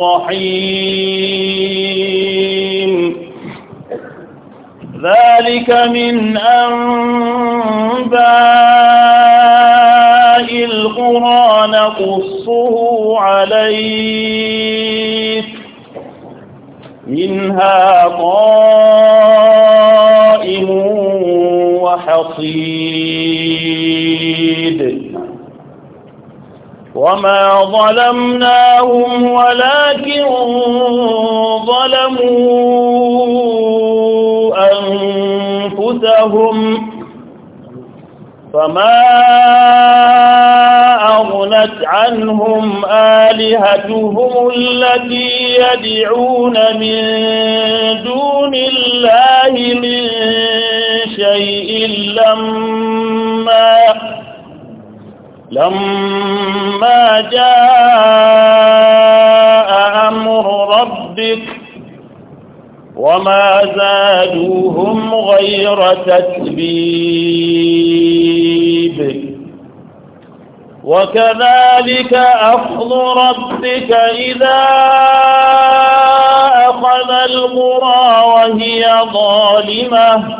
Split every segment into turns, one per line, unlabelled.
الرحيم ذلك من أنباء القرى نقصه عليك منها قائم وحصيد وما ظلمنا لهم فما أغنت عنهم آلهتهم التي يدعون من دون الله من شيء لما لما جاء وما زادوهم غير تتبيب وكذلك أخذ ربك إذا أخذ القرى وهي ظالمة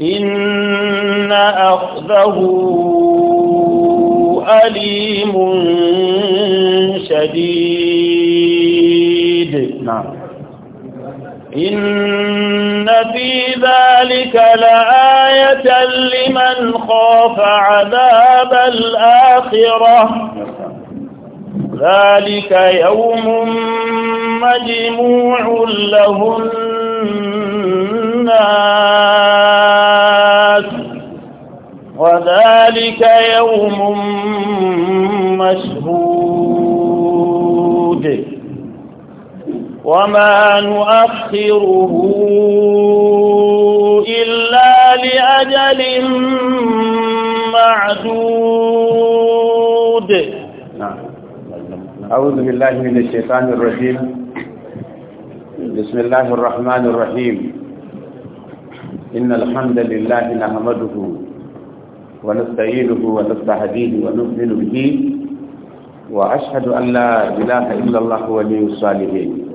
إن أخذه أليم شديد نعم إن في ذلك لآية لمن خاف عذاب الآخرة ذلك يوم مجموع له الناس وذلك وما نؤخره إلا لأجل معدود
نعم. أعوذ بالله من الشيطان الرجيم بسم الله الرحمن الرحيم إن الحمد لله نحمده ونستعينه ونستهديه ونؤمن به وأشهد أن لا إله إلا الله ولي الصالحين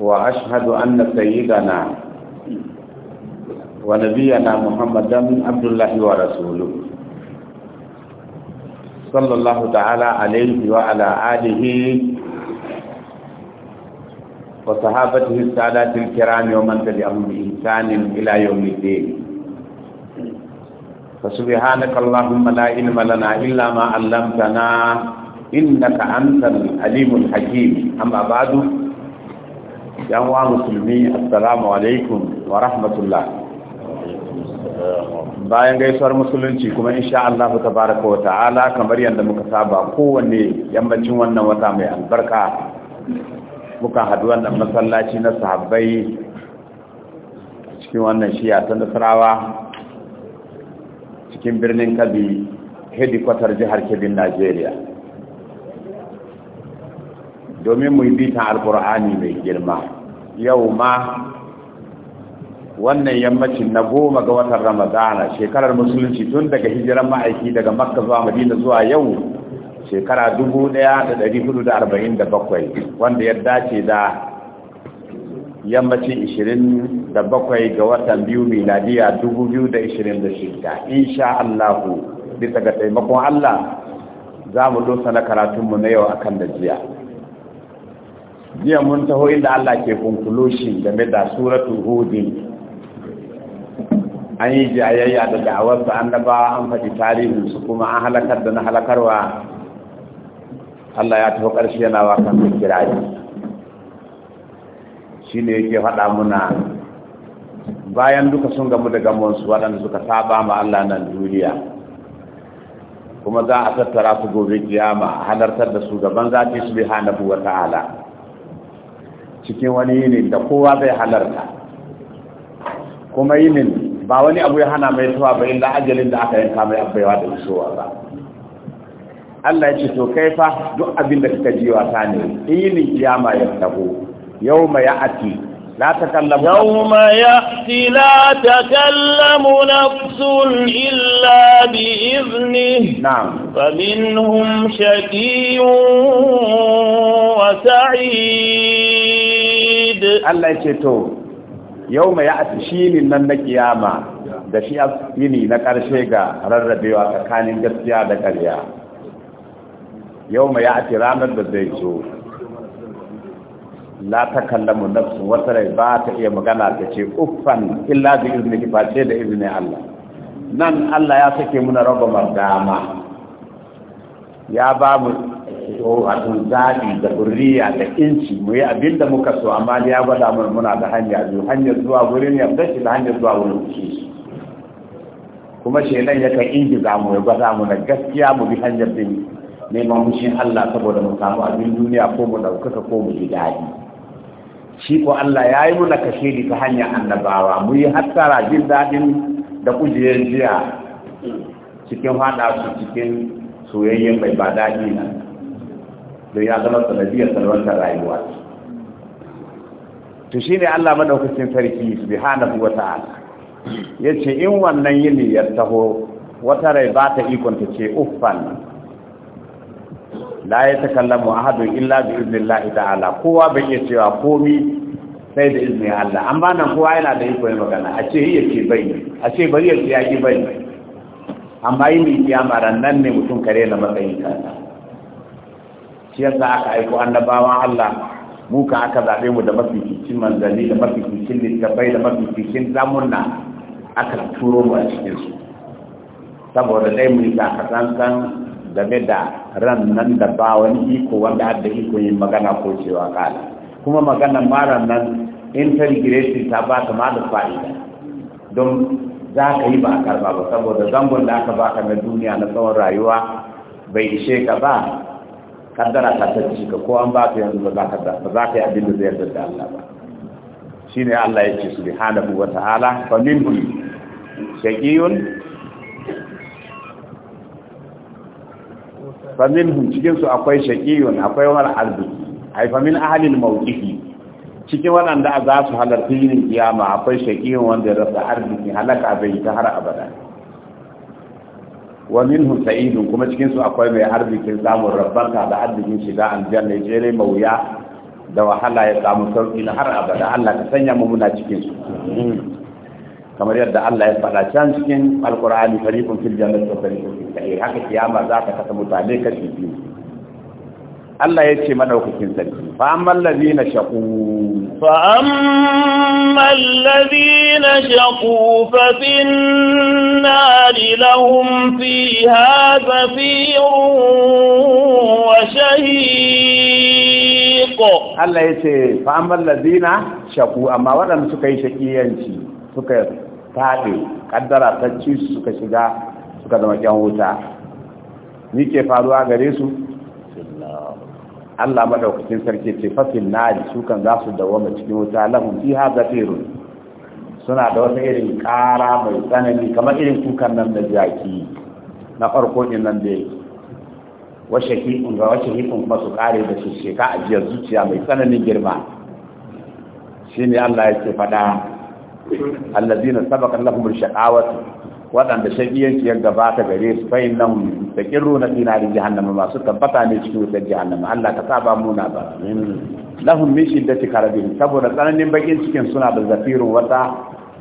وأشهد أن سيدنا ونبينا محمدا عبد الله ورسوله صلى الله تعالى عليه وعلى آله وصحابته السادات الكرام ومن تبعهم بإحسان إلى يوم الدين فسبحانك اللهم لا علم لنا إلا ما علمتنا إنك أنت العليم الحكيم أما بعد yan wa musulmi assalamu alaikum wa rahmatullah bayan gaisuwar musulunci kuma insha Allah tabaraka wa ta'ala kamar yadda muka saba kowanne yammacin wannan wata mai albarka muka haɗu wannan masallaci na sahabbai cikin wannan shiya ta nasarawa cikin birnin kabi hedikwatar jihar kebin najeriya domin mu yi bitan alkur'ani mai girma yau ma wannan yammacin na goma ga watan ramadana shekarar musulunci tun daga hijiran ma'aiki daga makka zuwa madina zuwa yau shekara dubu da hudu arba'in bakwai, wanda ya dace da yammacin 27 da bakwai ga watan biyu miladiya dubu biyu da da 2026 insha Allahu bisa ga taimakon Allah za mu dosa na karatunmu na yau akan da jiya jiya mun taho inda Allah ke shi game da suratul hudin an yi jayayya da da annabawa an faɗi tarihin su kuma an halakar da na halakarwa Allah ya taho ƙarshe yana wa kan kirayi shi ne yake faɗa muna bayan duka sun gamu da gamonsu waɗanda suka saba ma Allah nan duniya kuma za a tattara su gobe kiyama a halartar da su gaban zafi su bi hanabu wa ta'ala cikin wani yinin da kowa bai halarta kuma yinin ba wani abu ya hana mai tuwa ba inda ajalin da aka yanka mai abbaiwa da isowa ba Allah ya ce to kai fa duk abin da kika jiwa ta ne yinin kiyama ya tabo yau mai ya ati لا تكلم يوم يأتي لا تكلم نفس إلا
بإذنه نعم فمنهم شقي
وسعيد الله يشتو يوم يأتي شين من القيامة da shi yini na ƙarshe ga rarrabewa tsakanin gaskiya da ƙarya yau mai ya ranar da zai zo la takallamu nafsu wata rai ba ta iya magana ta ce uffan illa bi izni ba ce da izini Allah nan Allah ya sake muna raba dama ya ba mu tun zaɓi da burriya da inci mu yi abin da muka so amma ya gwada mu muna da hanya biyu hanyar zuwa wurin ya shi da hanyar zuwa wurin kishi kuma shelan ya kan ingiza mu ya gwada mu na gaskiya mu bi hanyar din neman mushin Allah saboda mu samu abin duniya ko mu ɗaukaka ko mu ji daɗi shi ko Allah ya yi muna kashe ta hanyar annabawa mu yi hattara jin daɗin da kujerar jiya cikin haɗa su cikin soyayyen mai ba daɗi na don ya zama sanadiyar salwantar rayuwa to shi ne Allah madaukakin sarki su subhanahu wa ta'ala ya ce in wannan yini ya taho wata rai ba ta ikonta ce uffan la ya mu ahadun illa bi iznillahi ta'ala kowa bai iya cewa komi sai da iznin Allah amma nan kowa yana da iko yin magana a ce yake bai a ce bari yake ya ki bai amma yi mai kiyama nan ne mutum kare na matsayin kanta shi yasa aka aiko annabawan Allah mu ka aka zabe mu da mafificin manzanni da mafificin littafai da mafificin zamunna aka turo mu a cikinsu saboda dai mu yi san game da ran nan da ba wani iko wanda har da iko yin magana ko cewa kala kuma magana mara nan integrity ta ba ta ma da fa'ida don za ka yi ba a karba ba saboda zangon da aka baka na duniya na tsawon rayuwa bai ishe ka ba kaddara ta ci ka ko an ba ka yanzu ba za ka yi abin da zai yarda da Allah ba shine Allah ya ce subhanahu wa ta'ala fa minhum shaqiyun faminhum cikin su akwai shaqiyun akwai wal ardi ai famin ahlil cikin waɗanda za su halarta yin kiyama akwai shaqiyun wanda ya rasa arziki halaka bai ta har abada wa minhum sa'idun kuma cikin su akwai mai arzikin samun rabbanka da arzikin shiga aljanna je ne mawuya da wahala ya samu sauki na har abada Allah ka sanya mu muna cikin su kamar yadda Allah ya faɗa can cikin alƙur'ani, fariqun fil jannati wa fariqun fil sa'ir haka kiyama za ta kasa mutane kashi biyu Allah ya ce madaukakin sarki fa ammal ladina shaqu fa ammal
ladina shaqu fa fin nari lahum
fiha zafirun wa shahiq Allah ya ce fa ammal ladina shaqu amma waɗanda suka yi shakiyanci suka taɓe kaddara ta ci su suka shiga suka zama ƙyan wuta ni ke faruwa gare su Allah maɗaukacin sarki ce fasil nari su za su dawoma cikin wuta lahum fiha zafirun suna da wata irin ƙara mai tsanani kamar irin kukan nan da jaki na farko ɗin nan da yake washe hikun ga washe hikun kuma su kare da sheka ajiyar zuciya mai tsananin girma shi ne Allah ya ce faɗa. allazina sabaqa lahum al shaqawatu wadanda shagiyanci ya gabata gare su fa innahum taqirruna fi nar jahannam ma su tabbata ne cikin wutar jahannam Allah ka saba mu na ba lahum min shiddati karabin saboda tsananin bakin cikin suna da zafirun wata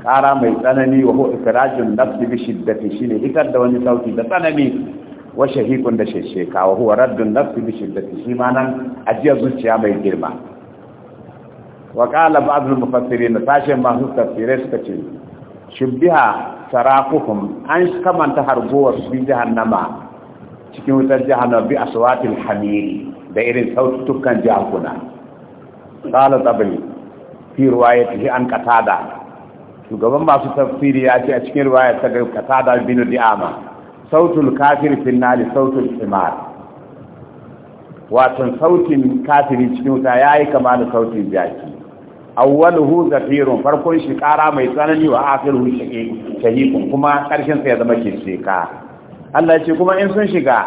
kara mai tsanani wa hu ikrajun nafsi bi shiddati shine hitar da wani sauti da tsanani wa shahiqun da shesheka wa huwa raddun nafsi bi shiddati shi ma nan ajiyar zuciya mai girma wa qala ba'dul na sashen masu tafsirai suka ce shubbiha sarakuhum an kamanta harbuwar su jahannama cikin wutar jahannama bi aswatil hamiri da irin sautukan jakuna qala tabli fi riwayatihi an qatada shugaban masu tafsiri ya ce a cikin riwayar ta qatada bin di'ama sautul kafir fil wato sautin kafiri cikin wuta ya yi kama da sautin jaki awwaluhu zafirun farkon shi kara mai tsanani wa akhiruhu shahiqun kuma karshen sa ya zama kishika Allah ya ce kuma in sun shiga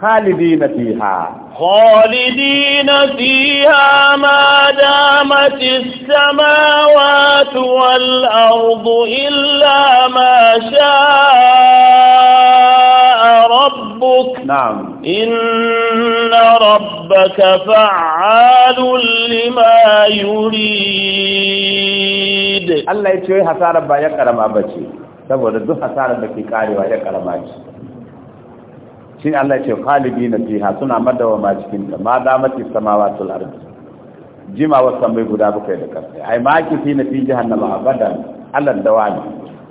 khalidina fiha
خالدين فيها ما دامت السماوات والأرض إلا ما شاء ربك نعم إن ربك
فعال لما يريد الله يتوي حسارة با يقرم أبتي saboda duk hasarar da ke karewa ya karama ce shi Allah ce khalidi na fiha suna madawama cikin ta ma damati samawati wal ardi jima wa samai guda bakwai da kasa ai ma ki fi na fi jahannama abadan Allah dawani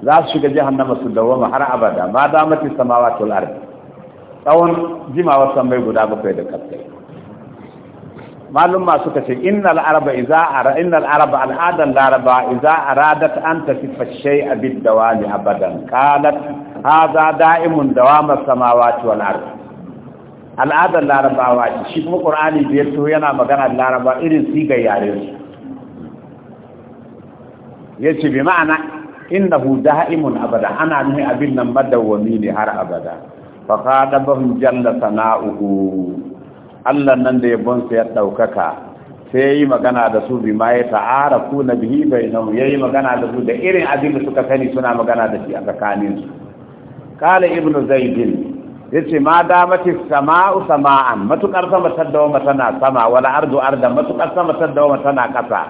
za su shiga jahannama su dawama har abada ma damati samawati wal ardi tsawon jimawar sammai guda bakwai da kaskai malumma suka ce innal araba iza ara innal araba al'adan laraba iza aradat an tasifa shay abid dawali abadan qalat hadha da'imun dawama samawati wal ardh al'adan wa shi kuma qur'ani da yato yana magana laraba irin siga yare yace bi ma'ana innahu da'imun abada ana nuni abin nan madawami ne har abada fa qadabahum jalla sana'uhu Allah nan da yabon ban ya ɗaukaka sai yi magana da su bi ma ya ku na bihi ya yayi magana da su da irin abin da suka sani suna magana da shi a tsakanin su qala ibnu ya yace ma damati sama'u sama'an matukar sama taddawa tana sama wala ardu arda matukar sama taddawa tana kasa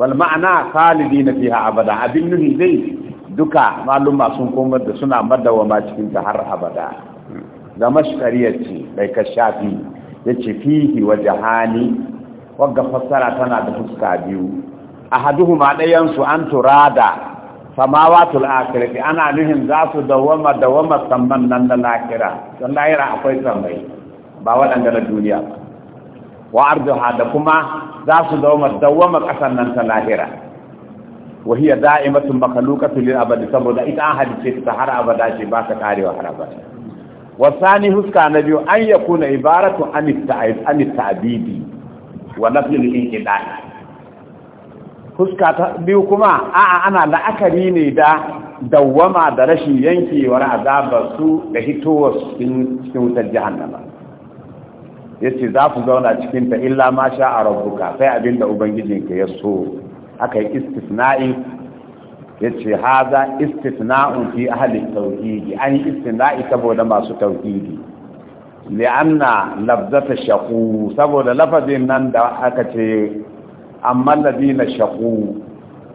wal ma'ana khalidina fiha abada abin nuhi dai duka maluma sun komar da suna madawama cikin ta har abada da mashkariyar ce mai kashafi ya ce fihi wa jahani wadda fassara tana da fuska biyu a haduhuma ɗayansu an turada samawatul akirki ana nuhin za su dawama dawama samman nan da lakira don lahira akwai samai ba waɗanda na duniya wa arzuha da kuma za su dawama dawama ƙasar nan ta lahira wahiya hiya da'imatun makhluqatu lil abad saboda ita an halice ta har abada ce ba ta karewa har abada wa sani huska na biyu an yakuna ibaratu an ta'ib an ta'bidi wa inqida'i huska ta biyu kuma a'a ana la'akari ne da dawwama da rashin yankewar azabar su da hitowar cikin wutar jahannama yace za ku zauna cikin ta illa ma sha a rabbuka sai abinda ubangijinka ya so aka yi istisna'i ya ce haza istisna'un fi ahalin tauhidi an yi istisna'i saboda masu tauhidi li'anna labzata shaku saboda lafazin nan da aka ce amma ladina shaku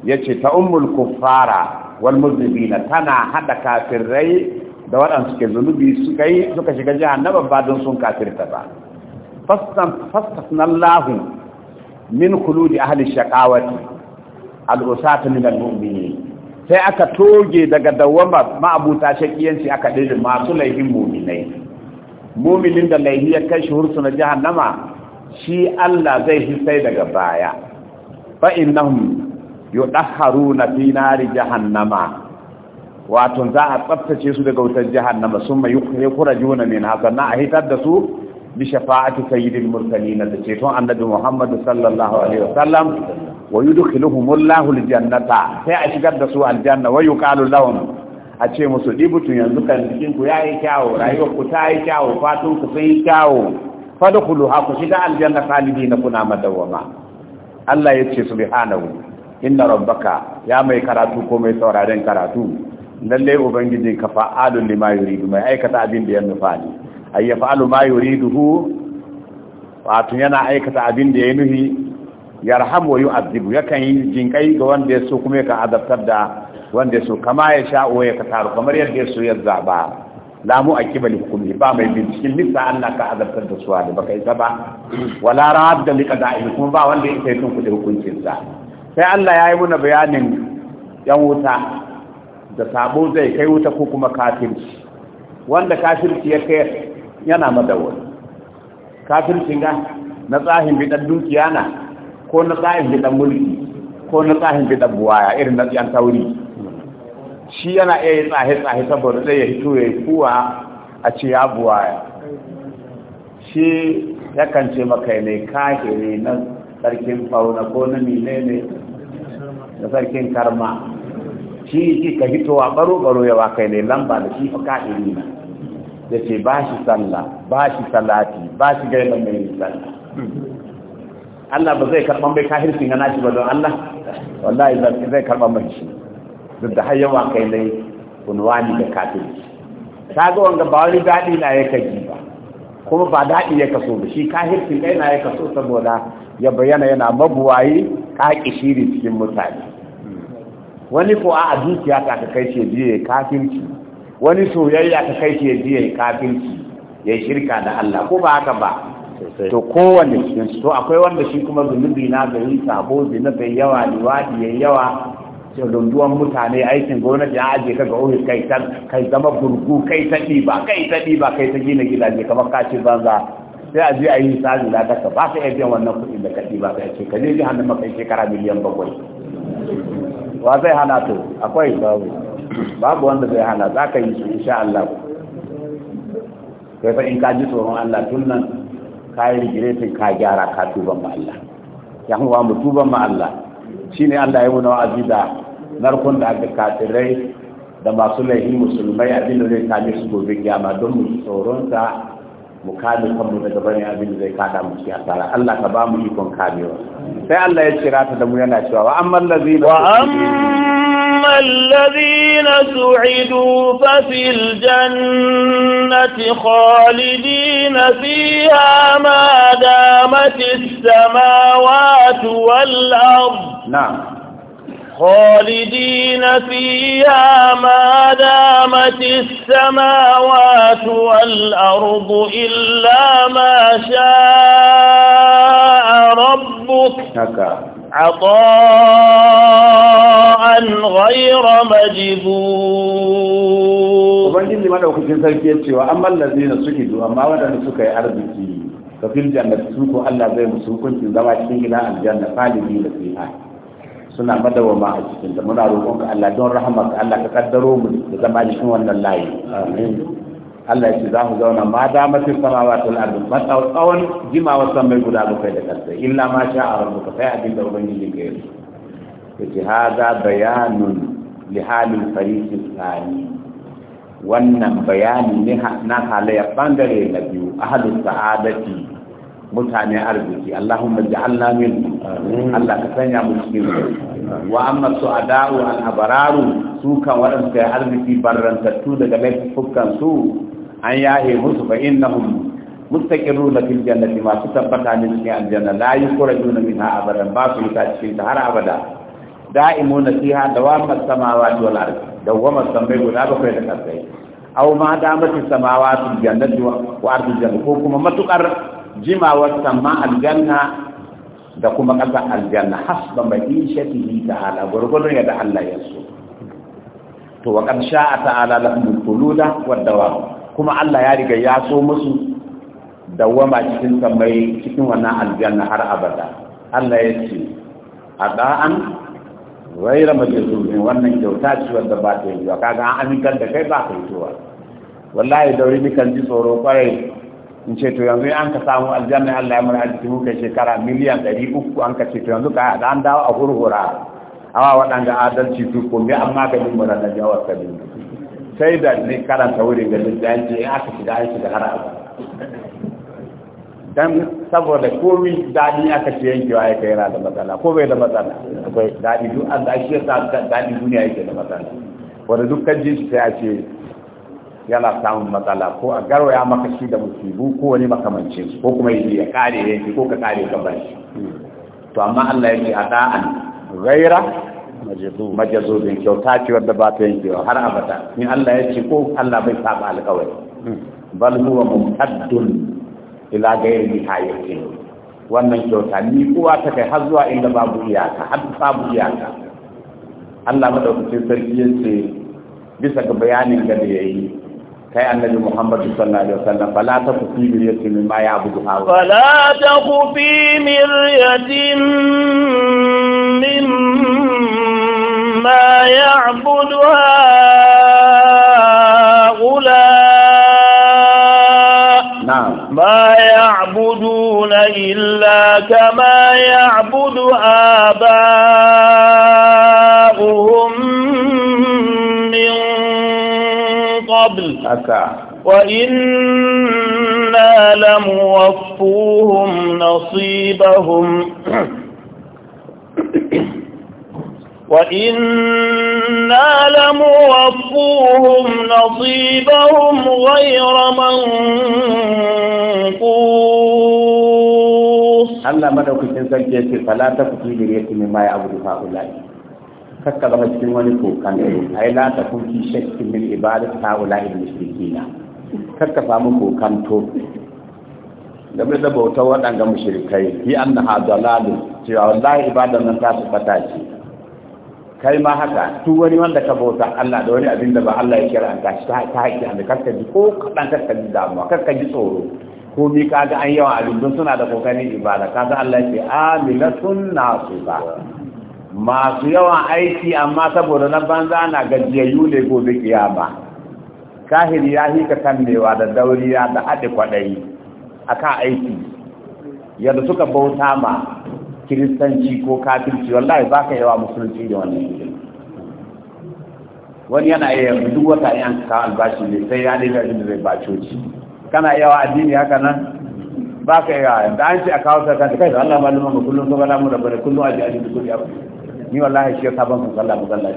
ya ce ta ummul kuffara wal muzlimina tana hada kafirai da waɗansu ke zunubi suka yi suka shiga jahannama ba don sun kafirta ba fastasnallahu min khuludi ahli shakawati al'usata min al-mu'mini sai aka toge daga dawama ma'abuta shakiyanci aka dade masu laifin mu'minai mu'minin da laihi ya kai shi hursuna jahannama shi Allah zai hisai daga baya fa innahum yudahharuna fi nari jahannama wato za a tsaftace su daga wutar jahannama kura juna min hasanna a hitar da su bi shafa'ati murtali na da ceton annabi Muhammad sallallahu alaihi wasallam wa yudkhiluhumullahu aljannata sai a shigar da su aljanna wa yuqalu lahum a ce musu dibutun yanzu kan cikin ku yayi kyawo rayuwar ku ta yi kyawo fatun ku yi kyawo fadkhulu ha ku shiga aljanna khalidina kuna madawama Allah ya ce subhanahu inna rabbaka ya mai karatu ko mai sauraren karatu lalle ubangiji ka fa'alun lima yuridu mai aikata abin da ya nufa ne ayya fa’alu ma yuriduhu wato yana aikata abin da ya nuhi yarhamu wa yu'adhibu yakan yi jinkai ga wanda ya so kuma ya azabtar da wanda ya so kama ya sha'o ya ka taru. kamar yadda ya so ya zaba lamu a kibali hukumi ba mai binciken nisa Allah ka azabtar da suwa da baka isa ba wala ra'ad da lika da'il kuma ba wanda ya isa tun kuɗi hukuncin sa sai Allah ya yi muna bayanin yan wuta da sabo zai kai wuta ko kuma kafirci wanda kafirci ya kai yana madawar kafircin ga na tsahin bidan dukiya na ko na tsahin bidan mulki ko na tsahin bidan buwaya irin na tsayan tauri shi yana iya yi tsahe-tsahe saboda zai ya hito ya yi kuwa a ce ya buwaya shi kan ce maka ne kahiri na sarkin fauna ko na mine ne da sarkin karma shi ka hitowa baro-baro yawa kai ne lamba da shi fa kahiri na ya ce ba shi sallah ba shi salati ba shi gaida mai sallah Allah ba zai mai bai kahirci na nashi ba don Allah wallahi zai karɓan mai shi duk da hayyawa yawa kai nai kunwani da Ta ga wanga ba wani daɗi na ya kaji ba kuma ba daɗi ya kaso ba shi kahircin kai na ya kaso saboda ya bayyana yana mabuwayi ka shiri cikin mutane wani ko a zuciya ta ka kai shi biye kafirci wani soyayya ta kai shi ya je kafinci ya shirka da Allah ko ba haka ba to kowanne cikin to akwai wanda shi kuma zunubi na ga yi sabo zunubi yawa liwadi yayi yawa sai mutane aikin gwamnati ya aje ka ga ofis kai ta kai zama burgu kai ta ba kai ta ba kai ta gina gidaje kamar ka kaci banza sai a je a yi sabi da ka ba ka biyan wannan kuɗin da ka ba ka ce ka je jihar da makai shekara miliyan bakwai wa zai hana to akwai babu babu wanda zai hana za ka yi su insha Allah kai fa in ka ji tsoron Allah tun nan ka yi rigiretin ka gyara ka tuban ma Allah ya hanwa mu tuban ma Allah ne Allah ya yi wa'azi da narkon da aka katirai da masu laifin musulmai abin da zai kame su gobe gyama don mu tsoronsa mu kame kanmu daga bane abin da zai kada mu cikin tara. Allah ka ba mu ikon kamewa sai Allah ya cira ta da mu yana cewa wa amman lazina wa
الذين سعدوا ففي الجنة خالدين فيها ما دامت السماوات والأرض نعم خالدين فيها ما دامت السماوات والأرض إلا ما شاء ربك نعم عطاء
غير مجذوب ubangiji madaukakin sarki ya cewa amman lazina suke zuwa amma wadanda suka yi arziki ka fil jannati su ko Allah zai musu hukuncin zama cikin gida aljanna khalidi da fiha suna madawama a cikin da muna roƙon ka Allah don rahmar ka Allah ka kaddaro mu da zama cikin wannan layi amin Allah ya ce za mu zauna ma da sama samawa ta al'adu tsawon jimawa san mai guda kai da kasai illa ma sha a rabu sai abin da ubangiji ke yi ta ce haza bayanun lihalin farisi tsani wannan bayani ne na halayyar bangare na biyu ahalin sa'adati mutane arziki Allahumma allah min Allah ka sanya mu cikin wa amma su adawu an abararu su kan waɗanda ya arziki barrantattu daga laifukan su an yahe musu fa innahum na fil jannati ma tabbata ne cikin aljanna la yukhrajuna minha abadan ba su ta cikin ta har abada da'imuna fiha dawama samawati wal ardi dawama samai guda ba kai da kasai aw ma damati samawati jannati wa ardi jannati ko kuma matukar jimawar sama aljanna da kuma ƙasa aljanna hasba ala ta'ala ya da Allah ya so to wa qarsha ta'ala da khuluda da wadawa kuma Allah ya riga ya so musu dawama cikin samai cikin wannan aljanna har abada Allah ya ce a ada'an ghayra majzubin wannan kyauta ci wanda ba ta yi kaga an amintar da kai ba yi towa wallahi dauri ni kan ji tsoro kwarai in ce to yanzu an ka samu aljanna Allah ya mana arziki muka shekara miliyan 300 an ka ce to yanzu ka da an dawo a hurhura awa waɗanda adalci su ko me amma ga yin mana da jawar sabi sai da ne karanta wurin ga littafi in aka shiga aiki da har abu dan saboda komi daɗi aka ce yankewa ya kai yana da matsala ko bai da matsala akwai daɗi duk an da shi ya yasa daɗi duniya yake da matsala wanda duk kan ji sai a ce yana samun matsala ko a ya maka shi da musibu ko wani makamancin ko kuma yi ya kare yanki ko ka kare gaban shi to amma Allah ya ce a da'an gaira majazubin kyauta ce wanda ba ta yankewa har abada in Allah ya ce ko Allah bai saba alƙawari hmm. bal huwa mumtaddun ila ghairi nihayati wannan kyauta ni kowa ta kai har zuwa inda babu iyaka har babu iyaka Allah madaukakin sarki ya ce bisa ga bayanin da ya yi كي النبي محمد صلى الله عليه وسلم فلا تك في مرية مما يعبد هؤلاء فلا
تك في مرية مما يعبد هؤلاء نعم ما يعبدون إلا كما يعبد آباؤهم haka wa inna lamuwaffuhum nasibahum وإنا لموفوهم نصيبهم غير منقوص
الله مدوك تنسل جيسي فلا تكتي لريك مما يعبد هؤلاء kakka zama cikin wani kokan ai la ta kun fi shakkin min ta wala il mushrikina kakka samu kokan to game da bautar waɗanda mushrikai fi annaha dalalun cewa wallahi ibadan nan ta su fata ce kai ma haka tu wani wanda ka bauta Allah da wani abin da ba Allah ya kira an ka shi ta haƙi an kakka ji ko kaɗan kakka ji damuwa kakka ji tsoro ko mi ka ga an yawa abin don suna da kokarin ibada ka ga Allah ya ce amilatun nasiba masu yawan aiki amma saboda na banza na gajiyayyu ne gobe kiyama kahiri ya ka kannewa da dauriya da haɗe kwaɗayi a kan aiki yadda suka bauta ma kiristanci ko kafirci wallahi ba ka yawa musulunci da wannan wani yana iya duk wata yan kawo albashi ne sai ya nemi abin da zai ba coci kana yawa addini haka nan ba ka yawa da an ce a kawo sarkanta kai da allah malumar ga kullum ka bala mu da bane kullum a ji a ji ni wallahi shi yasa ban su sallah mu sallah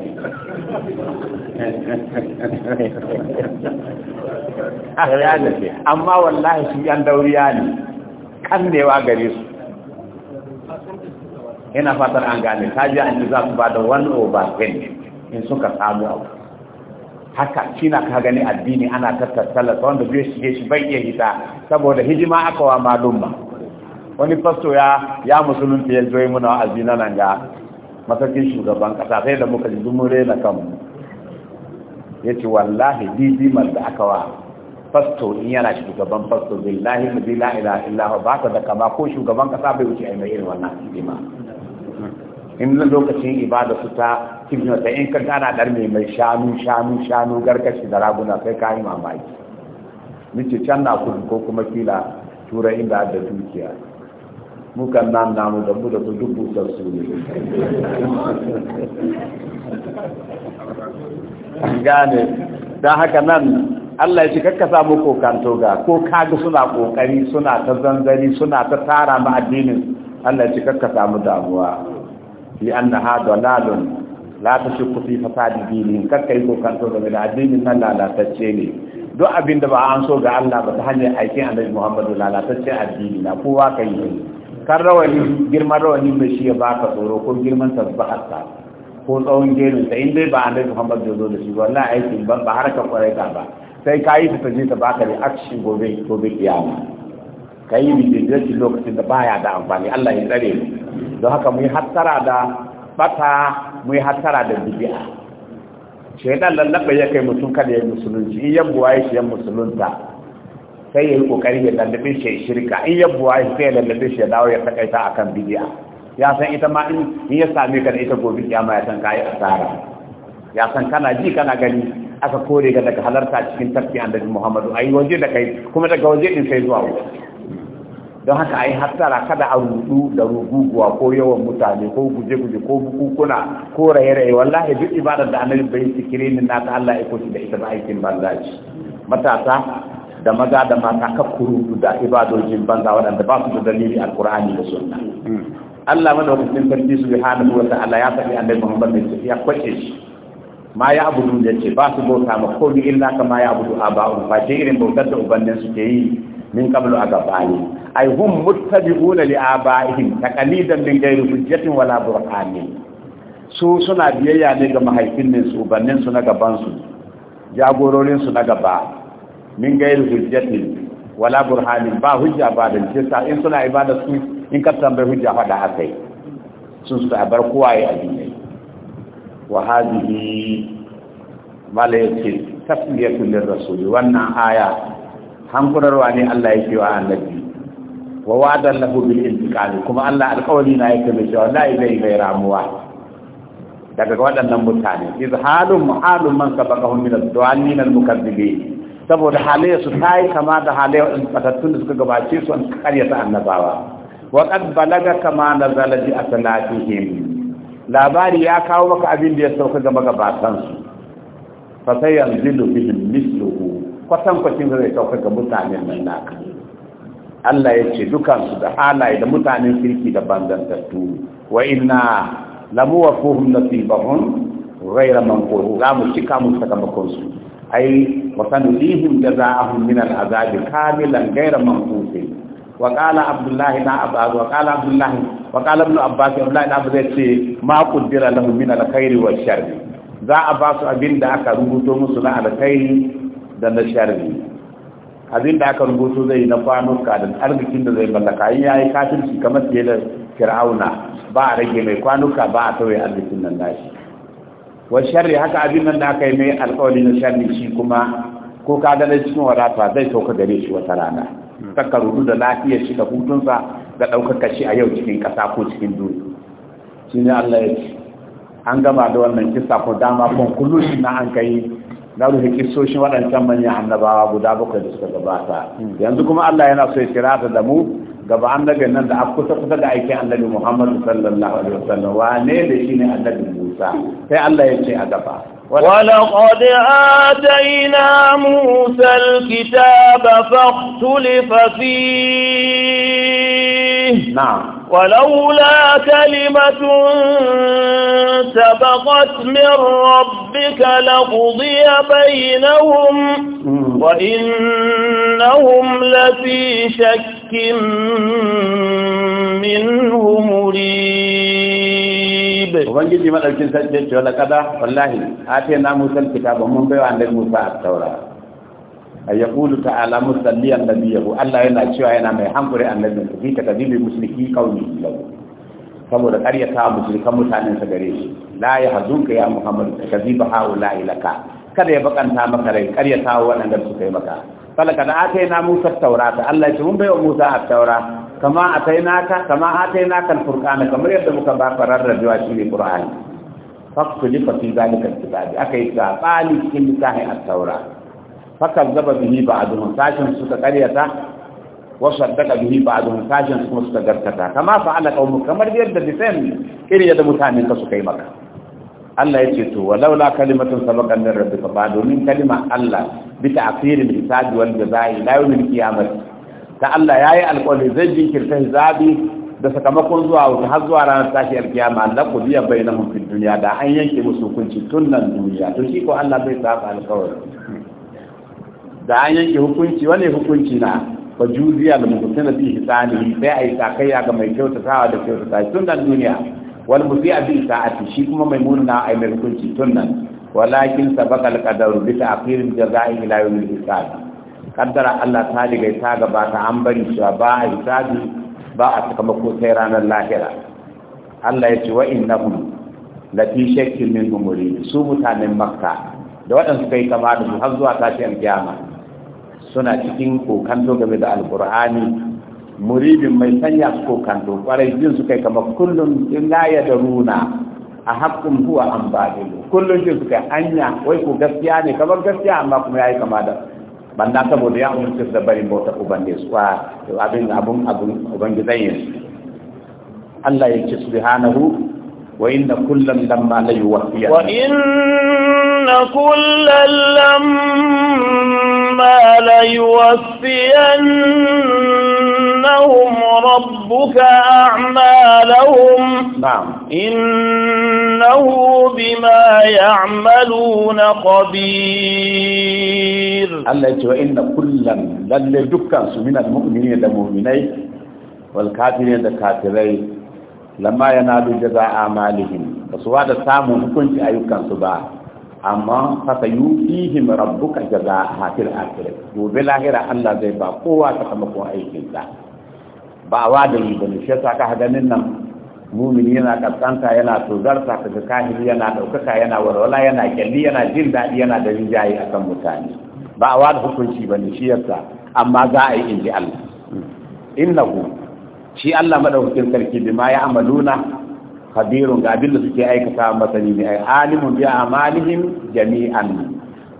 ce amma wallahi shi yan dauriya ne kannewa gare su ina fatar an gane ta ji an ji za su ba da one over ten in suka samu abu haka shi na ka gani addini ana tattattala wanda zai shige shi bai iya hita saboda hijima aka wa malumma wani fasto ya ya musulunta ya zoye muna wa azina nan ga masakin shugaban kasa sai da muka ji dumure na kan ya ce wallahi didimar da aka wa fasto in yana shugaban fasto lahi mu bila ila ba ta da kama ko shugaban kasa bai wuce ai mai irin wannan didima in lokacin ibada su ta kifin ta in ka gana dar mai mai shanu shanu shanu garkashi da raguna sai ka yi mamaki mace can na ko kuma fila turai inda da dukiya Mukan nan namu da mu da su duk busar su ne gane haka nan Allah ya ce kakka samu kokanto ga ko kaga suna kokari suna ta zanzari suna ta tara ma addinin Allah ya ce kakka samu damuwa fi annaha lalun la tashku kufi fasadi dinin kakka yi kokanto ga da addinin na lalatacce ne duk abin da ba an so ga Allah ba ta hanyar aikin Annabi Muhammadu lalatacce addini na kowa kai ne kan rawani girman rawani mai shi ya ba ka tsoro ko girman tasbaharsa ko tsawon gelinsa ta inda ba annabi Muhammad da zo da shi wallahi aikin ba ba haraka kwarai ka ba sai ka yi ta je ta baka reaction gobe gobe kiyama ka yi bijirgin lokacin da baya da amfani Allah ya tsare mu don haka mu yi hattara da bata mu yi hattara da bid'a shaidan lallaɓa ya kai mutum kada ya musulunci in yabuwa buwaye shi yan musulunta sai ya yi kokari ya lallabe shi ya shirka in ya buwa shi sai ya lallabe shi ya dawo ya takaita akan bidiya ya san ita ma in ya same ka da ita gobe ma ya san kayi asara ya san kana ji kana gani aka kore ka daga halarta cikin tafi annabi Muhammadu ayi waje da kai kuma daga waje din sai zuwa wuce don haka ayi hattara kada a rudu da ruguguwa ko yawan mutane ko guje-guje ko bukukuna ko raye-raye wallahi duk ibadar da annabi bai sikire ni na ta Allah ya koshi da ita ba aikin banzaci matasa da maza da mata kakkuru da ibadojin banza waɗanda ba su da dalili a alkur'ani da sunna hmm. Allah madaukakin su subhanahu Allah ya faɗi annabi Muhammad ne ce ya kwace shi ma ya abudu da ce ba su bauta ma ko bi illa ka ma ya abudu aba'u ba ce irin bautar da ubannin su ke yi min qablu a gabani ai hum muttabi'una li aba'ihim taqlidan min ghairi hujjatin wala burhanin su suna biyayya ne ga mahaifin su ubannin su na gaban su na gaba min gayr hujjati wala burhani ba hujja ba da ce sa in suna ibada su in ka tambayi hujja faɗa haka sun su bar kowa ya abin wa hadhihi mala yace tasmiyatun lirrasul wannan aya hankurarwa ne Allah yake wa annabi wa wa'ada lahu bil intiqal kuma Allah alƙawari na yake mai cewa la ilaha illa ramuwa daga waɗannan mutane izhalun muhalun man sabaqahum min ad-dawalin al-mukazzibin saboda halayya su ta yi kama da halayya waɗanda batattun da suka gabace su an karyata annabawa waɗanda balaga kama na zalaji a salatihim labari ya kawo maka abin da ya sauka ga magabatansu fa sai yanzilu bihim misluhu kwatan kwacin zai sauka ga mutanen nan naka Allah ya ce dukansu da halaye da mutanen kirki da bangantattu wa inna lamuwafuhum nasibahum غير منقول za mu cika mu sakamakon su ai wa sanudihim jazaa'ahum min al'azab kamilan ghayra manqus wa qala abdullah ibn abbas wa qala abdullah wa qala ibn abbas abdullah ibn abbas ce ma qaddara wa za a ba su abin da aka rubuto musu na alkhairi da na sharri abin da aka rubuto zai na kwanuka da arzikin da zai mallaka in yayi kafirci kamar fiye da fir'auna ba a rage mai kwanuka ba a tauye arzikin nan nashi wa sharri haka abin nan da aka yi mai alƙawari na sharri shi kuma ko ka da cikin wadata zai sauka gare shi wata rana takka rudu da lafiyar shi da hutunsa da ɗaukaka kashi a yau cikin ƙasa ko cikin duniya shi ne Allah ya ce an gama da wannan kisa ko dama kun kullu shi na an kai na rufe kisoshin waɗancan manyan annabawa guda bakwai da suka gabata hmm. yanzu kuma Allah yana so ya kira da mu gaba annabin nan da kusa kusa da aikin annabi muhammadu sallallahu alaihi wasallam wane da shine annabi Musa sai Allah ya ce a gaba
ولقد آتينا موسى الكتاب فاختلف فيه نعم ولولا كلمة سبقت من ربك لقضي بينهم وإنهم لفي شك
منه مريب وبنجي ما لكن سجدت ولا كذا والله آتينا موسى الكتاب ومن بيوان للموسى التوراة yaqulu ta'ala musalliyan nabiyahu Allah yana cewa yana mai hankuri annabi sa fi takdibi mushriki qawli lahu saboda karyata mushrikan mutanen sa gare shi la ya hazunka ya muhammad takdiba haula ilaka kada ya bakanta maka rai ta waɗanda suka yi maka falaka da aka yi na musa taurata Allah ya ce mun bai wa musa a taura. kama atainaka kama atainaka alqur'ana kamar yadda muka ba ka rarrabewa shi ne qur'ani fakku li fi zalika alkitab akai ga bali cikin littafin a taura bihi suka wa فكذب به بعضهم ساشن سكا قريتا وصدق به بعضهم ساشن سكا غرتتا yadda bisan قوم كما mutanen ka suka yi maka Allah yace to الله يتي تو sabaqan min rabbika من ربك بعد Allah bi ta'khirin hisab wal jazai la yawmil qiyamah ta Allah yayi alqawli alƙawari zai jinkirta hisabi da sakamakon zuwa wata har zuwa ranar tashi alkiyama Allah ku biya bai na duniya da an yanke musu hukunci tun nan duniya to shi ko Allah bai saba alqawli da an yanke hukunci wani hukunci na fa juziya da mutum na fi hisani sai a yi sakayya ga mai kyautatawa da kyautata tun nan duniya wani wal a bi sa'ati shi kuma mai muni na mai hukunci tun nan walakin sabaqa al qadaru bi da za a yi al kaddara Allah ta diga ta gaba ta an bari shi ba a hisabi ba a sakamako sai ranar lahira Allah ya ce wa innahum la fi shakkin min umuri su mutanen makka da waɗansu suka yi kama da su har zuwa tashin kiyama suna cikin kokanto game da alkur'ani muridin mai sanya su kokanto kwarai jin su kai kamar kullum in la ya runa a haƙƙin huwa an badilu kullum jin su kai hanya, wai ko gaskiya ne kamar gaskiya amma kuma ya yi kama da banda saboda ya umarci da barin bauta ubande su wa abin abun abun ubangizan yin Allah ya ce subhanahu wa inna kullam lamma la yuwaffiya wa
inna lamma. ما ليوفينهم ربك أعمالهم نعم إنه بما
يعملون قدير الله يتوى إن كلا للي دكا من المؤمنين المؤمنين والكافرين الكافرين لما ينالوا جزاء أعمالهم amalihim سامو su wada samun amma fasa yufihim rabbuka jazaa'a fil akhirah gobe lahira Allah zai ba kowa ta sakamakon aikin sa ba wa da yi bane shi yasa ka ganin nan mumini yana kaskanta yana tozarta kaga kahiri yana ɗaukaka, yana warwala, yana kyalli yana jin daɗi yana da a kan mutane ba wa da hukunci bane shi yasa amma za a yi inji Allah innahu shi Allah madaukakin sarki bima ya amaluna khabirun ga abin da suke aikata masani ne ai alimun bi amalihim jami'an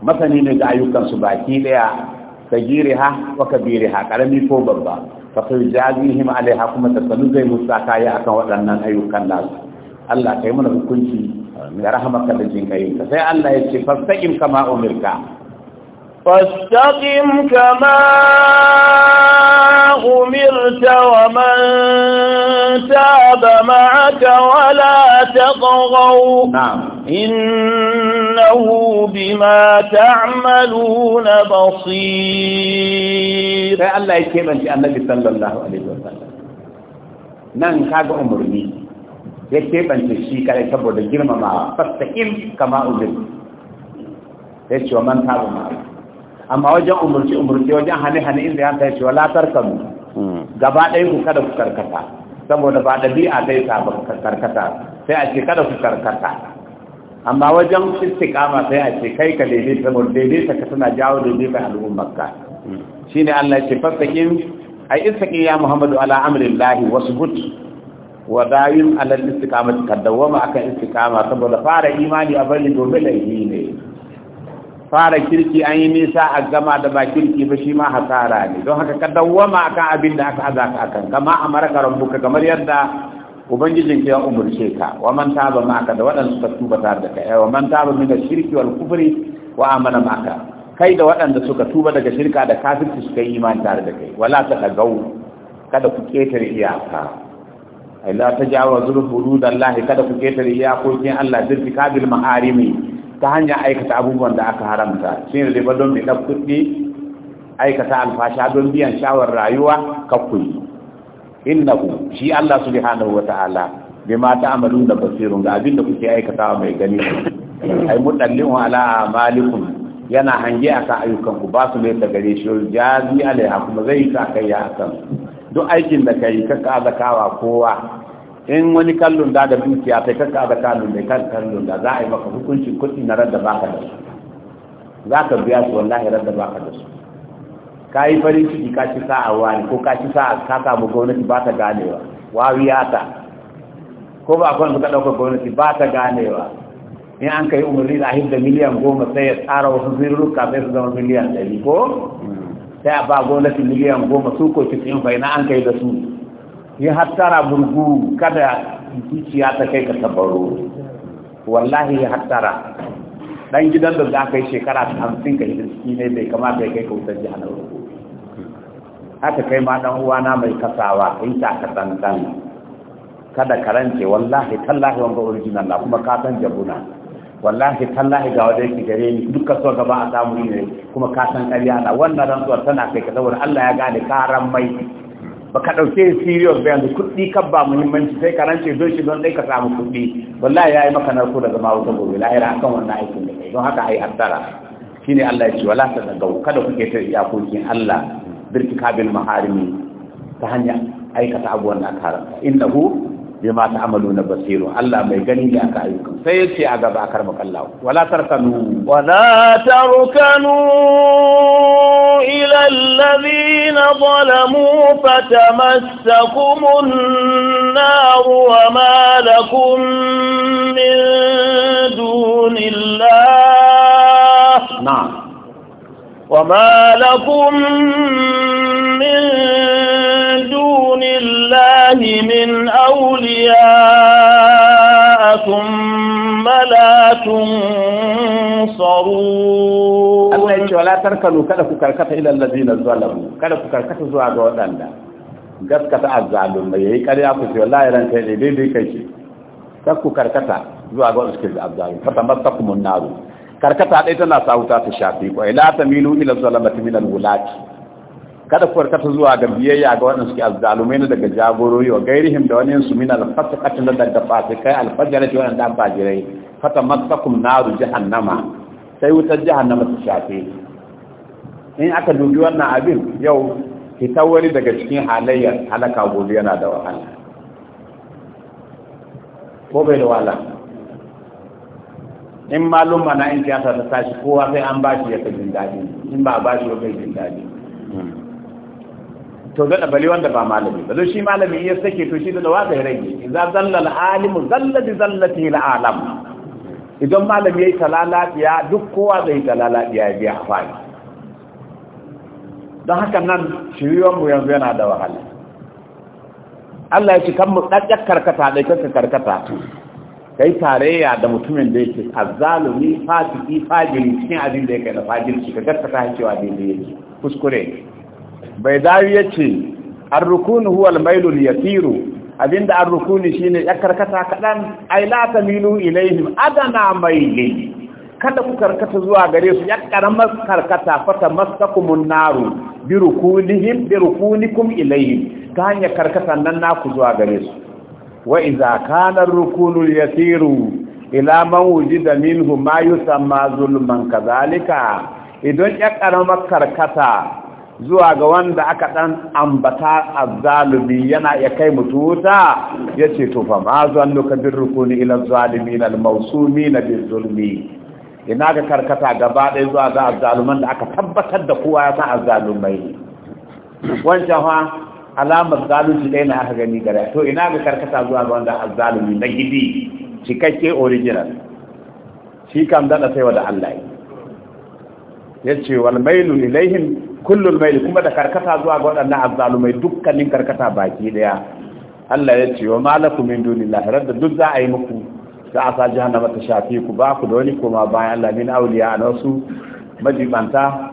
masani ne ga ayyukan su baki daya sagiriha wa kabiriha karami ko babba fa sai jazihim alaiha kuma sanu zai musaka ya akan waɗannan ayyukan nasu Allah kai mana hukunci da rahamaka da kai sai Allah ya ce fastaqim kama umirka
فاستقم كما أمرت ومن تاب معك ولا تطغوا نعم. إنه بما تعملون بصير
فالله يكيب أنت النبي صلى الله عليه وسلم نان نعم، كاغ أمرني. يكيب أنت الشيء على تبود الجرم معه فاستقم كما أمرت ومن تاب معك amma wajen umurci umurci wajen hane hane inda ya ta cewa latar tarkanu hmm. gaba ɗaya ku kada ku karkata saboda ba ɗabi'a dai ta ba karkata sai a ce kada ku karkata amma wajen istiqama sai a ce kai ka daidai saboda daidai ta ka tana jawo daidai ka al'ummar ka hmm. ne Allah ce fasakin ai istaqi ya Muhammadu ala wasu wasbut wa da'im ala istiqamati kadawama akan istikama, saboda fara imani a bari gobe laifi ne fara kirki an yi nisa a gama da ba kirki ba shi ma hasara ne don haka ka dawwama akan abin da aka haza ka akan kama mara ka rabbuka kamar yadda ubangijin ya umurce ka wa man taba maka da waɗanda suka tuba tare da kai wa man taba min shirki wal kufri wa amana maka kai da waɗanda suka tuba daga shirka da kafirci suka yi imani tare da kai wala ta gau kada ku ketare iyaka ai la da Allah kada ku ketare iyakokin Allah dirfi kabil maharimi ta hanyar aikata abubuwan da aka haramta shi ne riba don biɗa kuɗi aikata alfasha don biyan shawar rayuwa kakkuli innahu shi Allah subhanahu wa ta'ala bi ma ta'malun da basirun ga abinda kuke aikatawa mai gani ai mudallin ala amalikum yana hange akan ayyukan ku ba su ne da gare shi jazi alaiha kuma zai ta kai ya akan duk aikin da kai ka kaza kawa kowa in wani kallon da da minti a kai kanka aga kallon da kan kallon da za a yi maka hukuncin kuɗi na da baka da su za ka biya su wallahi radda baka da su ka yi farin ciki ka ci sa'a wani ko ka ci sa'a ka samu gwamnati ba ta ganewa wawiya ta ko ba kwan suka ɗaukar gwamnati ba ta ganewa in an ka yi umarni a ahib da miliyan goma sai ya tsara wasu zirruka sai su zama miliyan ɗari ko sai a ba gwamnati miliyan goma su ko cikin faina an kai da su yi hattara gurgu kada zuciya ta kai ka tabaro wallahi ya hattara dan gidan da za ka yi shekara ta hamsin ka hidiski ne bai kamata ya kai ka wutar jihar haka kai ma dan uwana mai kasawa in ta ka tantan. kada ka rance wallahi tallahi wanga original na kuma ka san jabuna wallahi tallahi ga wanda yake gare ni dukkan so gaba a samu ne kuma ka san ƙarya na wannan rantsuwar tana kai ka saboda Allah ya gane karan mai ba ka ɗauke serious ba yanzu kuɗi kan ba muhimmanci sai karance zo shi don ɗai ka samu kuɗi wallahi ya yi maka narko daga ma wuta gobe lahira akan wannan aikin da kai don haka ai asara shine Allah ya ce wala ta daga kada ku ke ta iyakokin Allah birki kabil maharimi ta hanya aikata abuwan na karanta innahu بما تعملون بصير الله ما يغني لي اكايكم سيتي اغبا كرمك الله ولا تركنوا ولا تركنوا الى
الذين ظلموا فتمسكم النار وما لكم من دون الله نعم وما لكم من دون الله من أولياء ثم لا
تنصرون الله يقول ولا تركنوا كذا كركت إلى الذين ظلموا كذا كركت زواج ودندا gaskata azzalun mai yayi ƙarya ku ce wallahi ran kai ne daidai kai ce kar ku karkata zuwa ga wanda suke azzalun fa tamassakum an-nar karkata dai tana sa wuta ta shafi ko ila kada ku karkata zuwa ga biyayya ga wannan suke azzalumai ne daga jagorori wa gairihim da wani su minal al-fasaqati da daga fasikai al-fajrati wannan da fajirai fata masakum naru jahannama sai wutar jahannama ta shafe in aka dubi wannan abin yau fita wani daga cikin halayyar halaka gobe yana da wahala ko bai da wahala in malum mana in siyasa ta tashi kowa sai an bashi ya ta jin daɗi in ba a bashi ba bai jin daɗi to da bali wanda ba malami ba don shi malami ya sake to shi da wata zai rage idza zalla alimu zalla bi zallati al-alam idan malami yayi talalafiya duk kowa zai talalafiya biya fani don haka nan shiriyon mu yanzu yana da wahala Allah ya ci kan mu ɗaɗɗar karkata ɗai kanka karkata kai tarayya da mutumin da yake azzalumi fasiki fajiri cikin abin da yake da fajirci ka ta cewa dai dai kuskure bai dawi ya ce rukuni huwa almailul yasiru abinda an arrukuni shine ya karkata kadan ai la tamilu ilaihim adana maili kada ku karkata zuwa gare su ya karamar karkata fata masakumun naru bi rukunihim bi rukunikum ilaihim ta hanyar karkata nan naku zuwa gare su wa idza kana arrukunul yasiru ila man wujida minhu ma yusamma zulman kadhalika idan ya karamar karkata zuwa ga wanda aka dan ambata zalumi yana ya kai mututa yace to fa ma zannuka birrukuni ila zalimin almawsumin zulmi ina ga karkata gaba ɗaya zuwa ga azzaluman da aka tabbatar da kowa ya san azzalumai wancan ha alamar zalunci ɗaya na aka gani gare to ina ga karkata zuwa ga wanda azzalumi na gidi cikakke original shi kam daɗa wa da Allah yi yace wal mailu ilaihim kullul mail kuma da karkata zuwa ga waɗannan azzalumai dukkanin karkata baki daya Allah ya ce wa malakum min dunillahi radda duk za a yi muku za a sa jahannama ta shafi ku ba ku da wani koma bayan Allah min a na wasu majibanta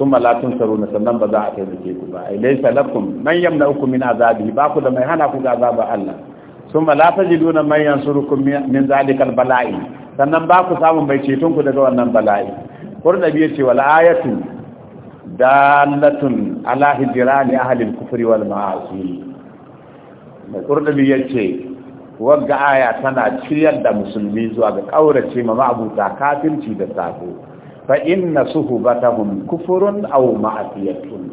sun malatun saru na sannan ba za a taimake ku ba ilai salakum man yamna uku min azabi ba ku da mai hana ku ga azaba Allah sun malata jiduna man yansurukum min zalikal bala'i sannan ba ku samun mai ceton ku daga wannan bala'i qurnabi ce wal ayatu dalatun ala hijrani ahli al-kufri wal ma'asi da qurnabi yace wagga aya tana ciyar da musulmi zuwa ga kaurace ma ma'abuta kafirci da sako fa inna suhubatahum kufrun aw ma'asiyatun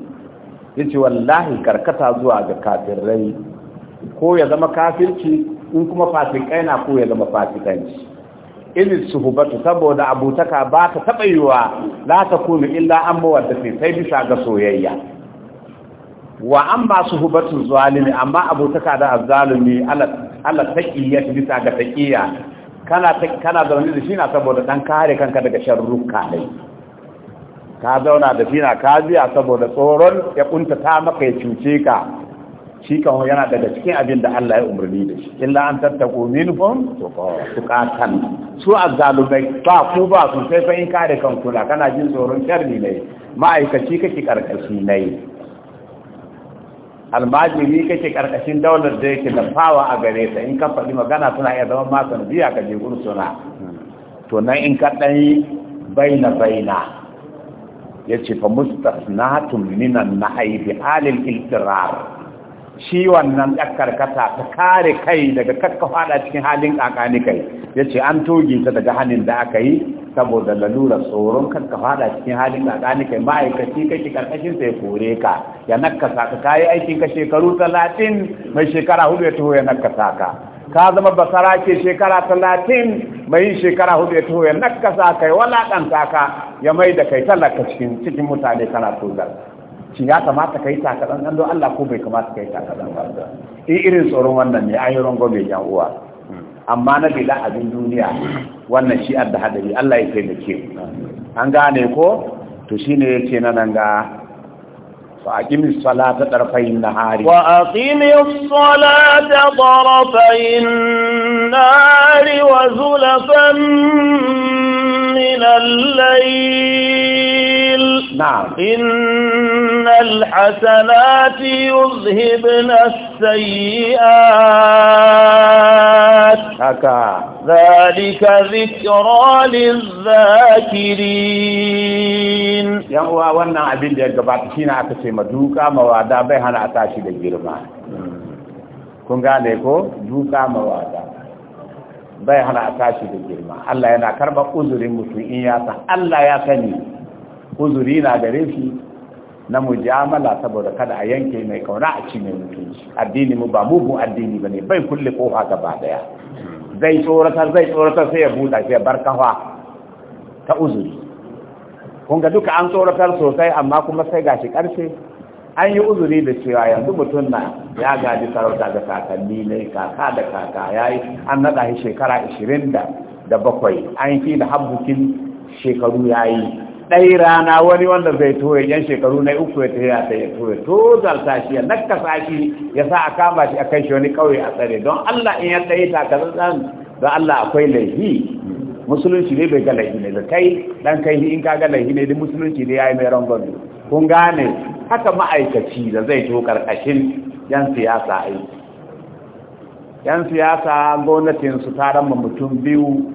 yace wallahi karkata zuwa ga kafirai ko ya zama kafirci in kuma fasikai na ko ya zama fasikanci irin suhubatu saboda abutaka ba ta taɓa yiwuwa la ta kunu illa an mawaddatin sai bisa ga soyayya wa an ba suhubatu zalimi amma abutaka da azzalumi ala ta bisa ga taƙiyya. kana zaune da shi na saboda dan kare kanka daga sharruka dai ka zauna da shi na ka saboda tsoron ya kunta ta maka ya cuce ka shi kan yana daga cikin abin da Allah ya umarni da shi illa an tattako minhum tuqatan su azzalumai ba ku ba su sai fa in kare kan kula kana jin tsoron sharri ne ma'aikaci kake karkashi ne almajiri kake karkashin daular da yake da fawa a gare ta in ka faɗi magana suna iya zama ma sanadiya ka je gursuna to nan in ka ɗan baina baina ya ce fa mustasnatun minan nahayi bi iltirar shi wannan karkata ta kare kai daga kakka fada cikin halin kakani kai ya ce an toge ta daga hannun da aka yi saboda lalura tsoron kakka fada cikin halin kakani kai ma'aikaci kake karkashin sai kore ka ya nakasa ka kayi aikin ka shekaru talatin mai shekara hudu ya taho ya nakasa ka ka zama basara ke shekara talatin mai yin shekara hudu ya taho ya nakasa kai wala ɗan ka ya mai da kai talaka cikin cikin mutane kana tozar shin ya kamata ka yi takaɗan ɗan don Allah ko bai kamata ka yi takaɗan ba in eh, irin tsoron wannan ne an yi gobe jan uwa amma na bila abin duniya wannan shi da hadari Allah ya taimake an gane ko to shine yace na nan ga nahari wa aqimi النهار
وأقم nahari wa zulafan min al-layl نعم إن الحسنات يذهبن السيئات هكا ذلك ذكرى
للذاكرين يعني هو وانا عبين دي القبعتشين عكسي مدوكا موادا بيهان عتاشي للجرمان كنغاني كو دوكا موادا bai hana a tashi da girma Allah yana karba uzurin mutum in ya uzuri na gare shi na mujamala saboda kada a yanke mai kauna a ci mutunci addini mu ba mugun addini ba ne, bai kulle kofa gaba daya zai tsoratar zai tsoratar sai ya buɗa sai ya bar kafa ta uzuri kun ga duka an tsoratar sosai amma kuma sai gashi karshe an yi uzuri da cewa yanzu mutum na ya gaji sarauta da kakanni ne kaka da kaka ya yi an naɗa shi shekara da bakwai, an fi da habbukin shekaru ya yi ɗai rana wani wanda zai toye yan shekaru na uku ya tafiya ta ya toye to zarta shi ya nakasa shi ya sa a kama shi a kai shi wani ƙauye a tsare don Allah in ya tsaye takasasan don Allah akwai laifi musulunci ne bai ga laifi ne da kai dan kai in ka ga laifi ne da musulunci ne ya yi mai rangon kun gane haka ma'aikaci da zai to karkashin yan siyasa aiki yan siyasa gwamnatin su taron mutum biyu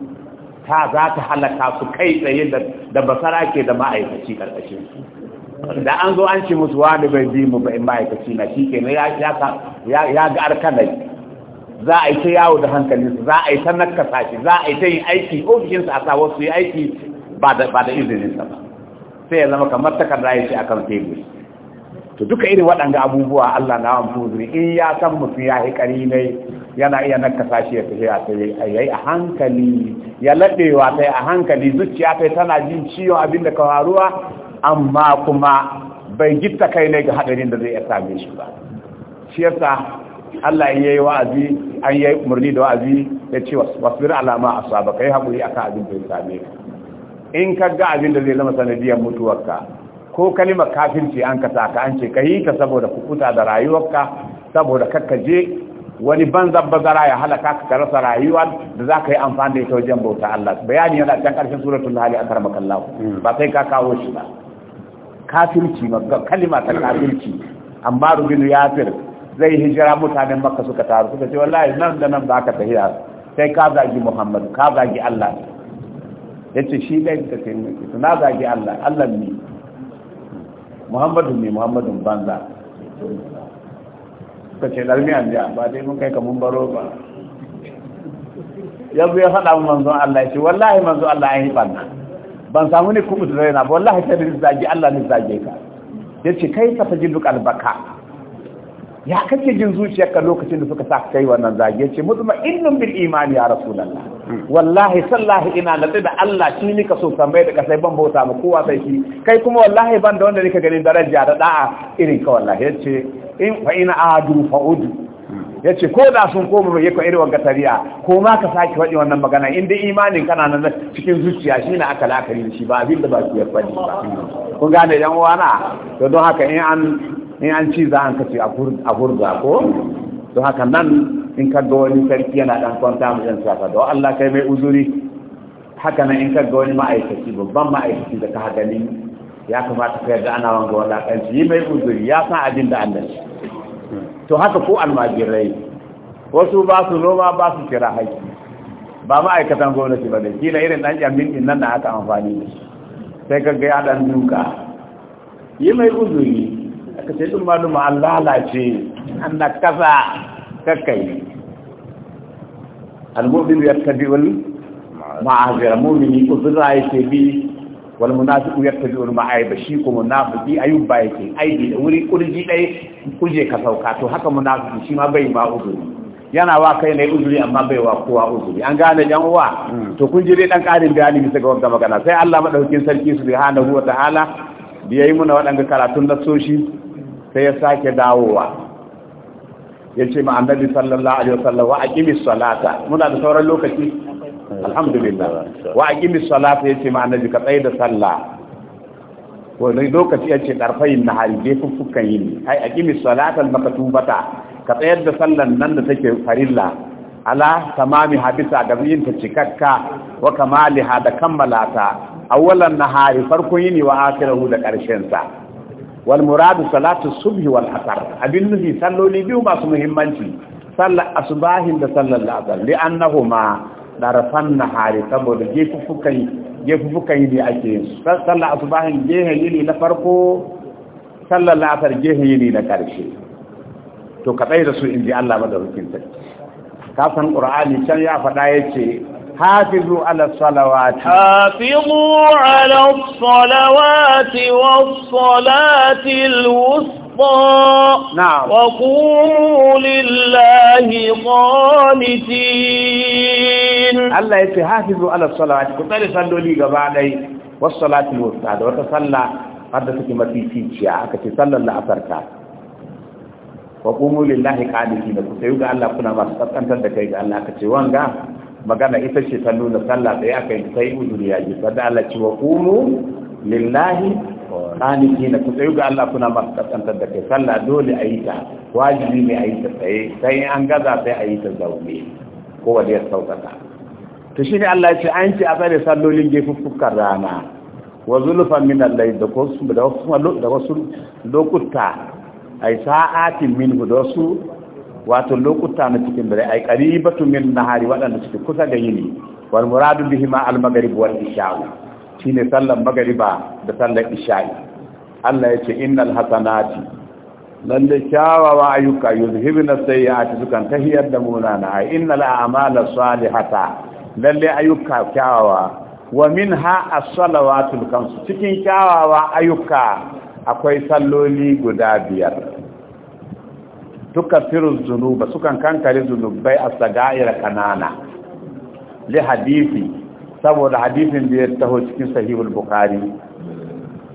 ta za ta halaka su kai tsaye da basara ke da ma'aikaci karkashin da an zo an ci musu wani bai bi mu ba in ma'aikaci na shi kenan ya ga arkanai za a yi ta yawo da hankalinsa za a yi ta nakasa shi za a yi ta yin aiki ofishinsa a sa wasu yi aiki ba da izininsa ba sai ya zama kamar takarda ya ce akan tebur. to duka irin waɗanda abubuwa Allah na amfani in ya san mutum ya yi ƙari ne yana iya nakasa shi ya tafiya ta yi a hankali ya laɗewa ta a hankali zuciya ta tana jin ciwon abin da ka faruwa amma kuma bai gitta kai ne ga haɗarin da zai iya same shi ba shi yasa Allah in yayi wa'azi an yayi murni da wa'azi ya ce wasbir ala ma asaba kai hakuri akan abin da ya same ka in ka ga abin da zai zama sanadiyar mutuwarka ko kalimar kafirci an kasa ka an ce ka yi ka saboda kukuta da rayuwarka saboda kakkaje wani banzan bazara ya halaka ka rasa rayuwa da za ka yi amfani da ita wajen bauta Allah bayani yana can ƙarshen suratul hali a karama kallahu ba sai ka kawo shi ba kafirci kalima ta kafirci amma rubinu yafir zai hijira mutanen makka suka taru suka ce wallahi nan da nan ba ka tafiya sai ka zagi muhammad ka zagi Allah yace shi dai na zagi Allah Allah ne muhammadu ne muhammadun banza ka ce dalmi an ja ba dai mun kai ka mun baro ba yanzu ya faɗa mu manzon Allah ya ce wallahi manzon Allah an yi banna ban samu ne kuma da raina ba wallahi ta da Allah ne zage ka ya ce kai ka ta duk albaka ya kake jin ka lokacin da suka sa kai wannan zage ce mutuma innun bil imani ya rasulullah hmm. wallahi sallahi ina na da Allah shi ka so mai da kasai ban bauta mu kowa sai shi kai kuma wallahi ban da wanda nika gani daraja da da'a irin ka wallahi yace in fa ina adu fa udu hmm. yace ko da sun koma bai yaka irin wanga tariya ko ma ka saki wadi wannan magana in dai imanin kana nan cikin zuciya shine aka lakari shi ba abin da ba ki ya ba hmm. kun gane yan uwana to don haka in an in an ci za an kace a hurga ko to haka nan in ka ga wani sarki yana dan kwanta mu yan saka don Allah kai mai uzuri haka nan in ka ga wani ma'aikaci babban ma'aikaci da ka gani ya kamata ka yarda ana wanga wala kanci yi mai uzuri ya san abin da Allah to haka ko almajirai wasu ba su noma ba su kira haƙi ba ma'aikatan gwamnati ba Ki kila irin dan jamin din nan na haka amfani da sai ka ga ya dan duka yi mai uzuri aka ce ɗin malu an lalace an na kasa kakai al-mu'minu yattabi wani ma'azira mu'mini ya ce bi wal munafiqu wani ma'ai ma'aiba shi ko munafiki ce. yake bi da wuri kurji dai kuje ka sauka to haka munafiki shi ma bai ma uzuri yana wa kai yi uzuri amma bai wa kowa uzuri an gane yan uwa hmm. to kun je dai dan karin bayani bisa ga wannan magana sai Allah madaukakin sarki subhanahu wa ta'ala da ya yi muna waɗanda karatun da soshi sai ya sake dawowa ya ce ma annabi sallallahu alaihi wasallam wa aqimi salata muna da sauran lokaci alhamdulillah wa aqimi salata ya ce ma annabi ka tsaye da sallah wani lokaci ya ce ƙarfayin na hari je fuffukan yini ai aqimi salata al-makatubata ka tsayar da sallan nan da take farilla ala tamami habisa da yin ta cikakka wa kamaliha da kammalata awwalan nahari farkon yini wa akhirahu da karshen sa wal muradu salatu subhi wal asr abin nufi salloli biyu masu muhimmanci sallar asbahin da sallar la'asar. li annahuma darfan nahari saboda gefufukan gefufukan yini ake sallar asbahin gehen yini na farko sallar la'asar gehen yini na karshe to ka da su in inji Allah madaukakin sarki ka san qur'ani can ya faɗa yace حافظوا على الصلوات حافظوا على الصلوات
والصلاة الوسطى نعم وقوموا لله
قانتين الله يتي حافظوا على الصلوات كنت صلوا لي قبالي والصلاة الوسطى وتصلى قد تكي مفيتيشيا كتي صلى الله أفركات وقوموا لله قانتين كنت يقول الله كنا ما سبقا تندكي الله كتي وانقا magana ita ce ta nuna sallah ɗaya aka yi sai uzuri ya ji sadda Allah ce wa umu lillahi qaniti na ku tsayu ga Allah kuna masu kasantar da kai sallah dole a yi ta wajibi ne a yi ta tsaye sai an gaza sai a yi ta zaune ko wanda ya sauƙaƙa to ne Allah ya ce an ce a tsare sallolin gefuffukan rana wa zulfan min al-layl da wasu da wasu lokuta a sa'atin min da wasu wato lokuta na cikin dare ay qaribatu min nahari wadanda suke kusa da yini wal muradu bihima al maghrib wal isha shine sallar maghriba da sallar isha Allah yace innal hasanati lallai kyawawa ayyuka yuzhibuna sayyi'ati sukan tahiyar da munana ay innal a'malas salihata lallai ayyuka kyawawa wa minha as-salawatul kansu cikin kyawawa ayyuka akwai salloli guda biyar firin zunuba sukan kankare zunubai a sagaira kanana li hadisi saboda hadisin da ya taho cikin sahihul bukhari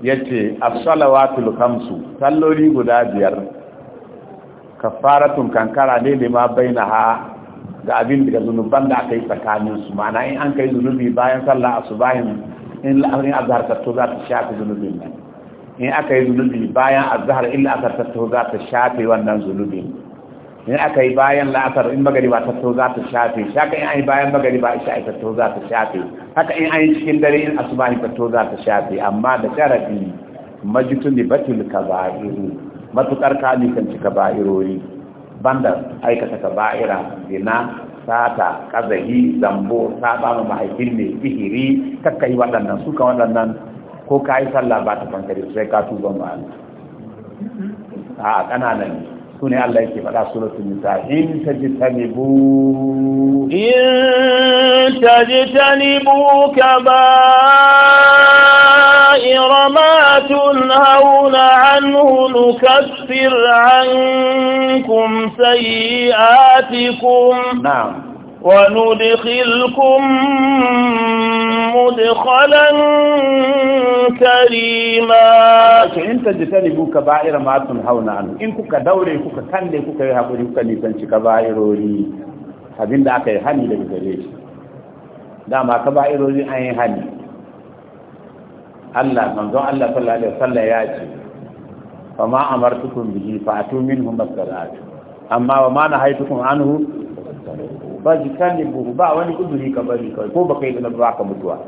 yace a salawatul khamsu salloli guda biyar kafaratun kankara ne ne ma ha ga abin daga zunuban da aka yi tsakaninsu, ma'ana in an kai zunubi bayan sallah asubahin in la'arin azhar ta to za ta shafi zunubin nan in aka yi zunubi bayan azhar illa aka to za ta shafe wannan zunubi in aka yi bayan la'asar in ta to za ta shafe shaka in an yi bayan ba isha ai to za ta shafe haka in an yi cikin dare in ta to za ta shafe amma da sharafi majitu ne batul kaba'iru matukar kani kan ci kaba'irori banda aikata kaba'ira zina sata kazahi zambo saba ma mahaifin ne sihiri kakkai waɗannan suka waɗannan ko ka yi sallah ba ta kankare sai ka tuba ma Allah a kananan su ne Allah yake faɗa su rasu nisa in ta tajtanibu in hauna kaba'ir
ma tunhauna anhu nukaffir ankum sayi'atikum na'am وندخلكم مدخلا
كريما in ta jita ne kuka ba'ira matun hauna in kuka daure kuka kalle kuka yi haƙuri kuka nisanci ka ba'irori aka yi hani da gare shi dama ka ba'irori an yi hani Allah manzon Allah sallallahu alaihi wasallam ya ce fa ma amartukum bihi fa atu minhu amma wa ma nahaytukum anhu ba jikan buhu ba wani uzuri ka bari kawai ko baka yi da ba ka mutuwa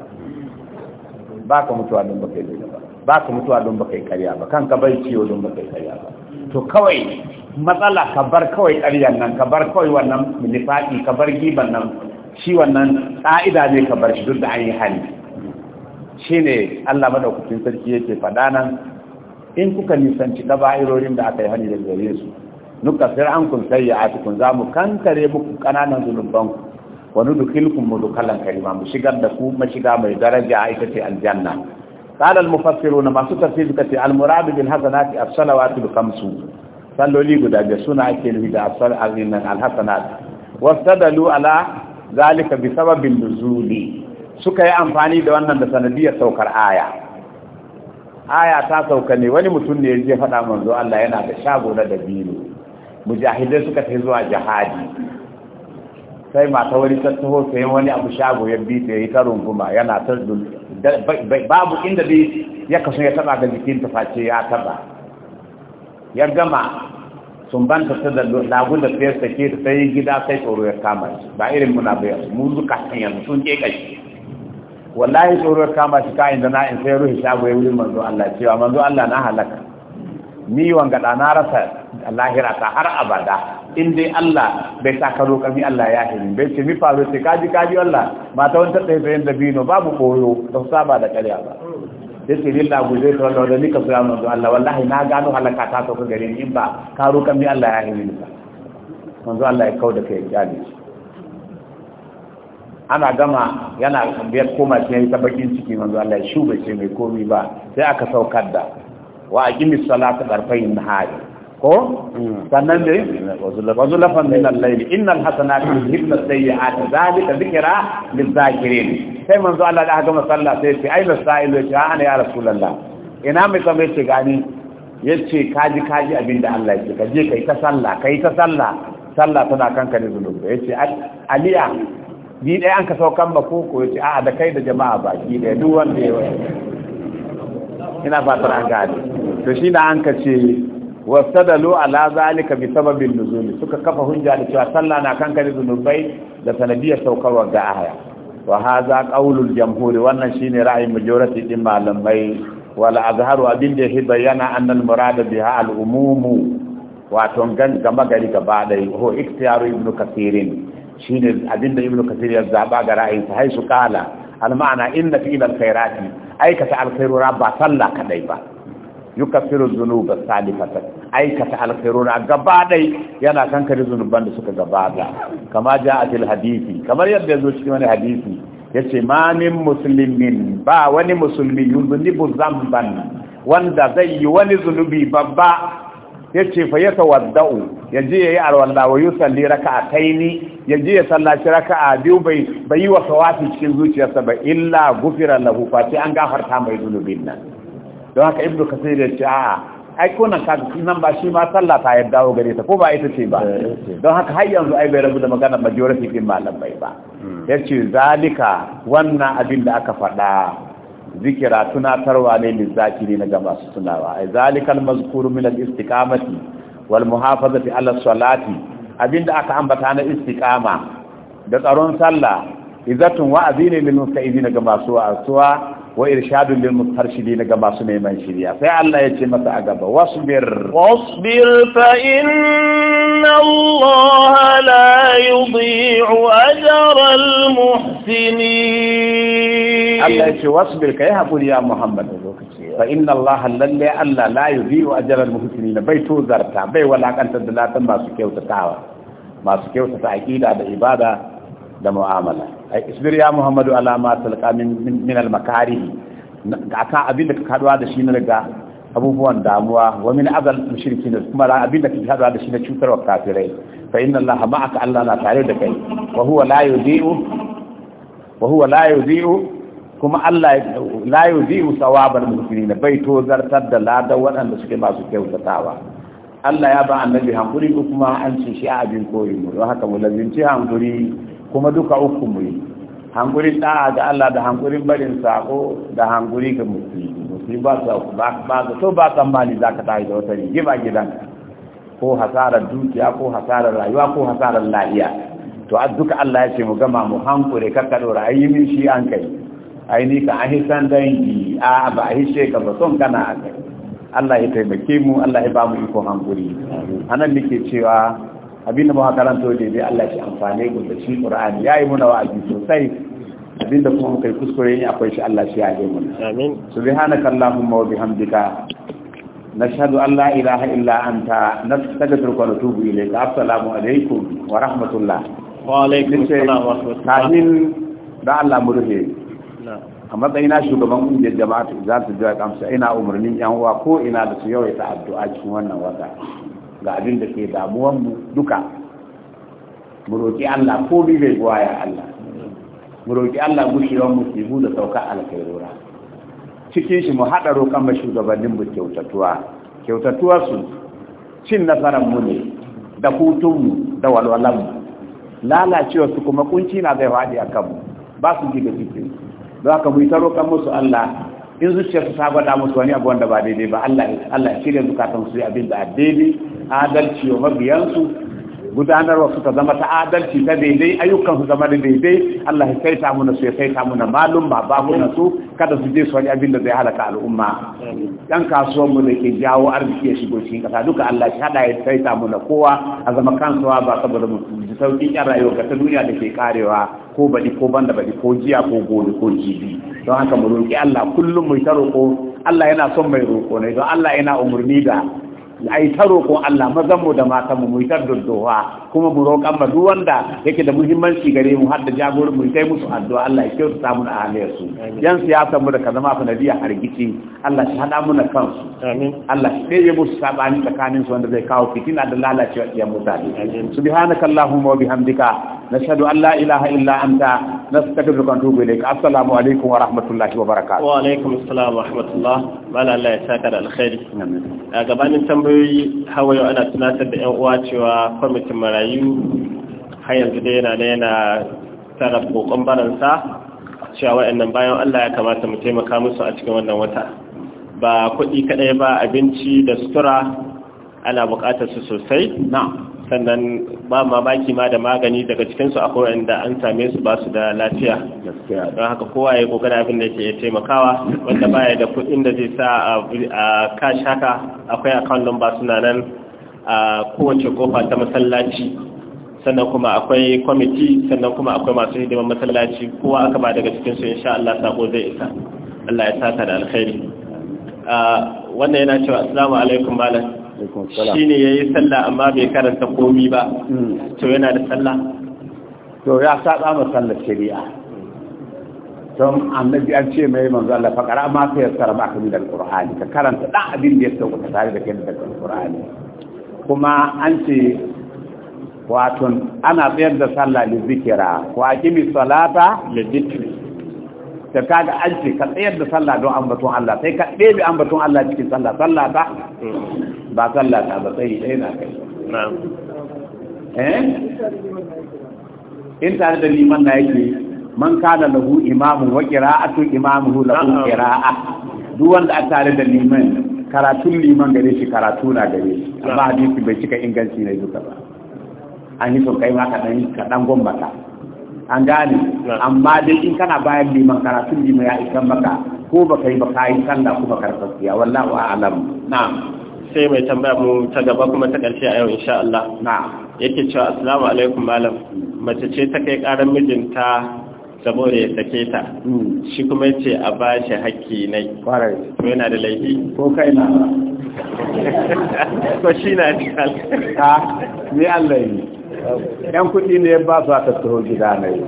ba ka mutuwa don baka yi ba ba ka mutuwa don baka yi karya ba kanka bai ciwo don baka yi karya ba to kawai matsala ka bar kawai karyan nan ka bar kawai wannan nifaɗi ka bar giban nan shi wannan ƙa'ida ne ka bar shi duk da an yi hali shi ne allah madaukakin sarki yake faɗa nan in kuka nisanci ɗaba'irorin da aka yi hani da gare su nuka fir'an kun sayyi'atukum za mu kankare muku kananan zunubanku wa nudkhilukum mudkhalan karima mu shigar da ku mashiga mai daraja ita ce aljanna qala al-mufassirun ma su tafsir kati al-murad bil hasanati as-salawatu khamsu salloli guda da suna ake nufi da asal azin al-hasanat wastadalu ala zalika bi sababin nuzuli suka yi amfani da wannan da sanadiyar saukar aya aya ta sauka ne wani mutum ne ya je faɗa manzo Allah yana da shago na dabino mujahidai suka tafi zuwa jihadi sai mata wani ta taho sai wani abu shago ya bi ta yi ta runguma yana ta babu inda bi ya kasu ya taba ga jikin ta face ya taba ya gama sun banta ta da lagu da sai sake ta sai gida sai tsoro ya kama shi ba irin muna bai mu duka kan yanzu sun ke kai wallahi tsoro ya kama shi kayan da na in sai ruhi shago ya wuri manzo Allah cewa manzo Allah na halaka ni wanga da na rasa lahira ta har abada in dai Allah bai sa karo kami Allah ya hirin bai ce mi faru ce kaji kaji Allah Ba ta wani tattaya sayan da bino babu koyo da su saba da karya ba sai ce lagu zai ta wanda wanda ka sura manzo Allah wallahi na gano halaka ta sauka gare ni in ba karo kami Allah ya hirin ba manzo Allah ya da kai kyale ana gama yana biyar koma ya ta bakin ciki manzo Allah ya shuba ce mai komi ba sai aka saukar da wa aqimis salata darfayn nahari ko hmm. sannan ne wazu min al innal hasanati yuzhibna as-sayyi'ati zalika dhikra lil-zakirin sai manzo Allah da haka masalla sai fi ai sa'il ya ce ana ya rasulullah ina mai kamar ce gani yace kaji kaji abinda Allah yake kaje kai ta sallah kai ta sallah sallah tana kanka ne zulubi yace aliya ni dai an ka saukan ba koko yace a'a da kai da jama'a baki da duk wanda ya ina fatar an gane to shi da an ka ce wasadalu ala zalika bi sababin nuzuli suka kafa hujja da cewa sallah na kanka da zunubai da sanadiyar saukarwa ga aya wa hadha qaulul jamhur wannan shine ra'ayin majority din malamai wal azharu abin da yake bayyana annal murada biha al wato gan gama gari gaba dai ho Ikhtiyaru ibnu kathirin shine abin da Ibn kathir ya zaba ga ra'ayin sa haisu kala al ma'ana inna fi al khairati aikata al khairu rabba sallah kadai ba yukafiru dhunuba salifatan aikata alkhairuna gaba dai yana kankare zunuban da suka gabata kama ja'atil hadisi kamar yadda yazo cikin wani hadisi yace ma min muslimin ba wani musulmi yuznibu zamban wanda zai yi wani zunubi babba yace fa yatawaddau yaje yayi alwala wa yusalli raka'ataini yaje ya sallaci raka'a biyu bai bai yi wa sawafi cikin zuciyarsa ba illa gufira lahu fati an gafarta mai zunubin nan don haka ibnu kasir ya ce a, ai nan kaga nan ba shi ma sallah ta yadda dawo gare ta ko ba ita ce ba eh, don haka har yanzu ai bai rabu da magana majority din malamai ba hmm. yace zalika wannan abin da aka faɗa zikira tunatarwa ne zakiri na ga masu tunawa ai zalikal mazkuru min al-istiqamati wal muhafazati ala salati abinda aka ambata na istiqama da tsaron sallah izatun wa'azi ne lil musta'izin ga masu wa'azuwa wa irshadun lil mustarshidin ga masu neman shiriya sai Allah ya ce masa a gaba wasbir wasbir fa inna Allah la yudhi'u
ajra al
muhsinin Allah ya ce wasbir kai hakuri ya Muhammad lokaci fa inna Allah lalle Allah la yudhi'u ajra al muhsinin bai tozarta bai walakantar da latan masu kyautatawa masu kyautata aqida da ibada da mu'amala ai isbir ya muhammadu ala ma talqa min min al makarih abin da ka kaduwa da shi daga abubuwan damuwa wa min azal mushrikin kuma abin da ka kaduwa da shi na kafirai fa inna allaha ma'aka allah na tare da kai wa huwa la yudhi'u wa huwa la yudhi'u kuma allah la yudhi'u thawabal bai to zartar da lada waɗanda suke masu kyautatawa Allah ya ba annabi hankuri kuma an ce shi a abin koyi mu don haka mu lazimci hankuri kuma duka uku mu yi hankurin da'a ga Allah da hankurin barin sako da hankuri ga musulmi musulmi ba sa ba ba so ba mali za ka tashi da wata gidan ko hasarar dukiya ko hasarar rayuwa ko hasarar lahiya to a duka Allah ya ce mu gama mu hankure kakka dora ayi min shi an kai ai ni ka ahi san dangi a ba ahi she ka ba son kana a kai Allah ya taimake mu Allah ya ba mu iko hankuri anan nake cewa abinda muka karanto daidai Allah shi amfane mu da shi Qur'ani yayi muna wa'azi sosai abinda kuma kai kuskure ne akwai shi Allah shi yaje mu amin subhanaka allahumma wa bihamdika nashhadu an la ilaha illa anta nastaghfiruka wa natubu ilayka assalamu alaikum wa rahmatullah wa alaikum assalam wa rahmatullah da Allah mu rufe a matsayina shugaban kungiyar jama'a za su jira kamsa ina umarnin yan uwa ko ina da su yawaita addu'a cikin wannan wata ga abin da ke damuwanmu duka mu roƙi Allah ko bi bai gwaya Allah mu roƙi Allah gushewar musibu da sauka alkhairora cikin shi mu haɗa roƙon ma shugabannin mu kyautatuwa kyautatuwa su cin nasarar mu ne da hutun mu da walwalan mu lalacewar su kuma kunci na zai faɗi a kanmu ba su ji da cikin don haka mu yi ta roƙon musu Allah in zuciyarsu ta gwada musu wani abu wanda ba daidai ba Allah Allah shirya zukatan su abin da daidai adalci wa mabiyansu gudanarwa su ta zama ta adalci ta daidai ayyukansu su zama da daidai Allah ya saita mu su ya saita mu na malum ba ba mu su kada su je su wani abin da zai halaka al'umma dan kasuwar mu da ke jawo arziki ya shigo cikin kasa duka Allah ya hada ya saita mu na kowa a zama kansuwa ba saboda mu ji sauki yan rayuwa ga ta duniya da ke karewa ko badi ko banda badi ko jiya ko gobe ko jibi don haka mu roki Allah kullum mu ta roko Allah yana son mai roko ne don Allah yana umurni da ai taro ko Allah mazan mu da matan mu mu ta doddowa kuma mu roƙan ma duk wanda yake da muhimmanci gare mu har da jagorin mu kai musu addu'a Allah ya kyautata samu na halayen su yan siyasa mu da kaza ma sanadiyar hargitsi Allah shi hada mu na kansu Allah shi ɗaya musu sabani tsakanin su wanda zai kawo fitina da lalacewa ɗiyan mutane subhanakallahumma wa bihamdika nashhadu an la ilaha illa anta Na nastaghfiruka wa atubu ne assalamu alaikum wa rahmatullahi wa barakatuh
wa alaikum assalam wa rahmatullah mala Allah ya saka da alkhairi a gabanin tambayoyi hawa yau ana tunatar da yan uwa cewa kwamitin marayu har yanzu dai yana da yana tara kokon baransa cewa waɗannan bayan Allah ya kamata mu taimaka musu a cikin wannan wata ba kuɗi kaɗai ba abinci da sutura ana buƙatar su sosai na sannan ba mamaki ma da magani daga cikinsu akwai wanda an same su ba su da lafiya don haka kowa ya kokari abin da ke taimakawa wanda baya da kudin da zai sa a kashi haka akwai account ba suna nan a kowace kofa ta masallaci sannan kuma akwai kwamiti sannan kuma akwai masu hidimar masallaci kowa aka ba daga cikinsu insha Allah sako zai isa Allah ya saka da alkhairi wannan yana cewa assalamu alaikum malam Shi ne ya yi sallah amma bai karanta komi ba hmm. to yana da sallah to ya saba ma sallar shari'a
don annabi an ce mai manzo Allah fa kara ma sai yassara ma da qur'ani ka karanta da abin da ya sauka tare da kai da qur'ani kuma an ce wato ana tsayar da sallah li zikira wa aqimi salata li zikri da kaga an ce ka tsayar da sallah don ambaton Allah sai ka ɗebe ambaton Allah cikin sallah sallah ta ba sallah ta ba sai ɗaya na kai eh in tare da liman na yake man kana lahu imamu wa qira'atu imamuhu lahu qira'a duk wanda a tare da liman karatun liman gare shi karatu na gare shi amma hadisi bai cika inganci ne duka ba an yi so kai ma ka dan ka dan gombata an gane amma dai in kana bayan liman karatun liman ya isan maka
ko baka yi ba kayi sallah kuma karfafiya wallahu a'lam na'am sai mai tambaya mu ta gaba kuma ta karshe a yau insha Allah na'am yake cewa assalamu alaikum malam mace ce ta kai karan mijinta saboda ya sake ta hmm. shi kuma ya ce a ba shi haƙƙi kwarai ko yana da laifi ko kai na ko shi na ne Allah ne Allah
yan kuɗi ne ba su a tattaro gida na yi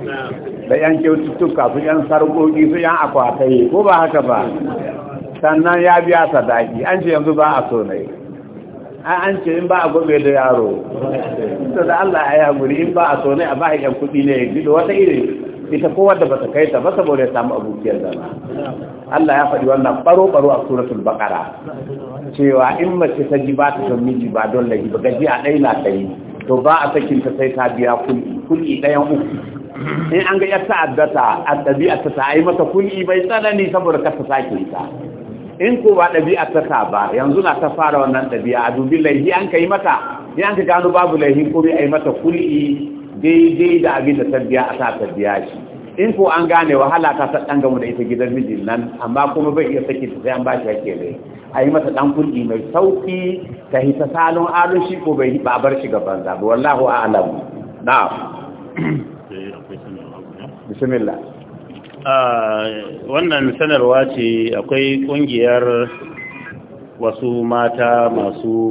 da yan kyaututtuka su yan sarƙoƙi su yan akwatai ko ba haka ba sannan ya biya sadaki an ce yanzu ba a so na yi an ce in ba a gobe da yaro da da Allah ya guri in ba a so na a ba yan kuɗi ne ya gido wata iri ita ko wadda ba ta kai ta ba saboda ya samu da zama Allah ya faɗi wannan baro-baro a suratul bakara cewa in mace ta ji ba ta son miji ba don lagi ba gaji a ɗai na ta yi to ba a sakin ta sai ta biya kul'i kul'i ɗayan uku in an ga ya ta'addata a ɗabi'a ta ta yi mata kul'i bai tsanani saboda ka ta sake ta in ko ba ɗabi'a ta ta ba yanzu na ta fara wannan ɗabi'a a dubi laihi an ka yi mata ya an ka gano babu laihi ko a yi mata kul'i daidai da abin da ta biya a ta ta biya shi in ko an gane wahala ta ta dan gamu da ita gidan mijin nan amma kuma bai iya saki sai an ba shi yake ne a masa dan kurdi mai sauki ta hita salon alun shi ko bai ba bar shi gaban za ba wallahu a'lam na'am eh, bismillah
ah, wannan sanarwa ce akwai kungiyar wasu mata masu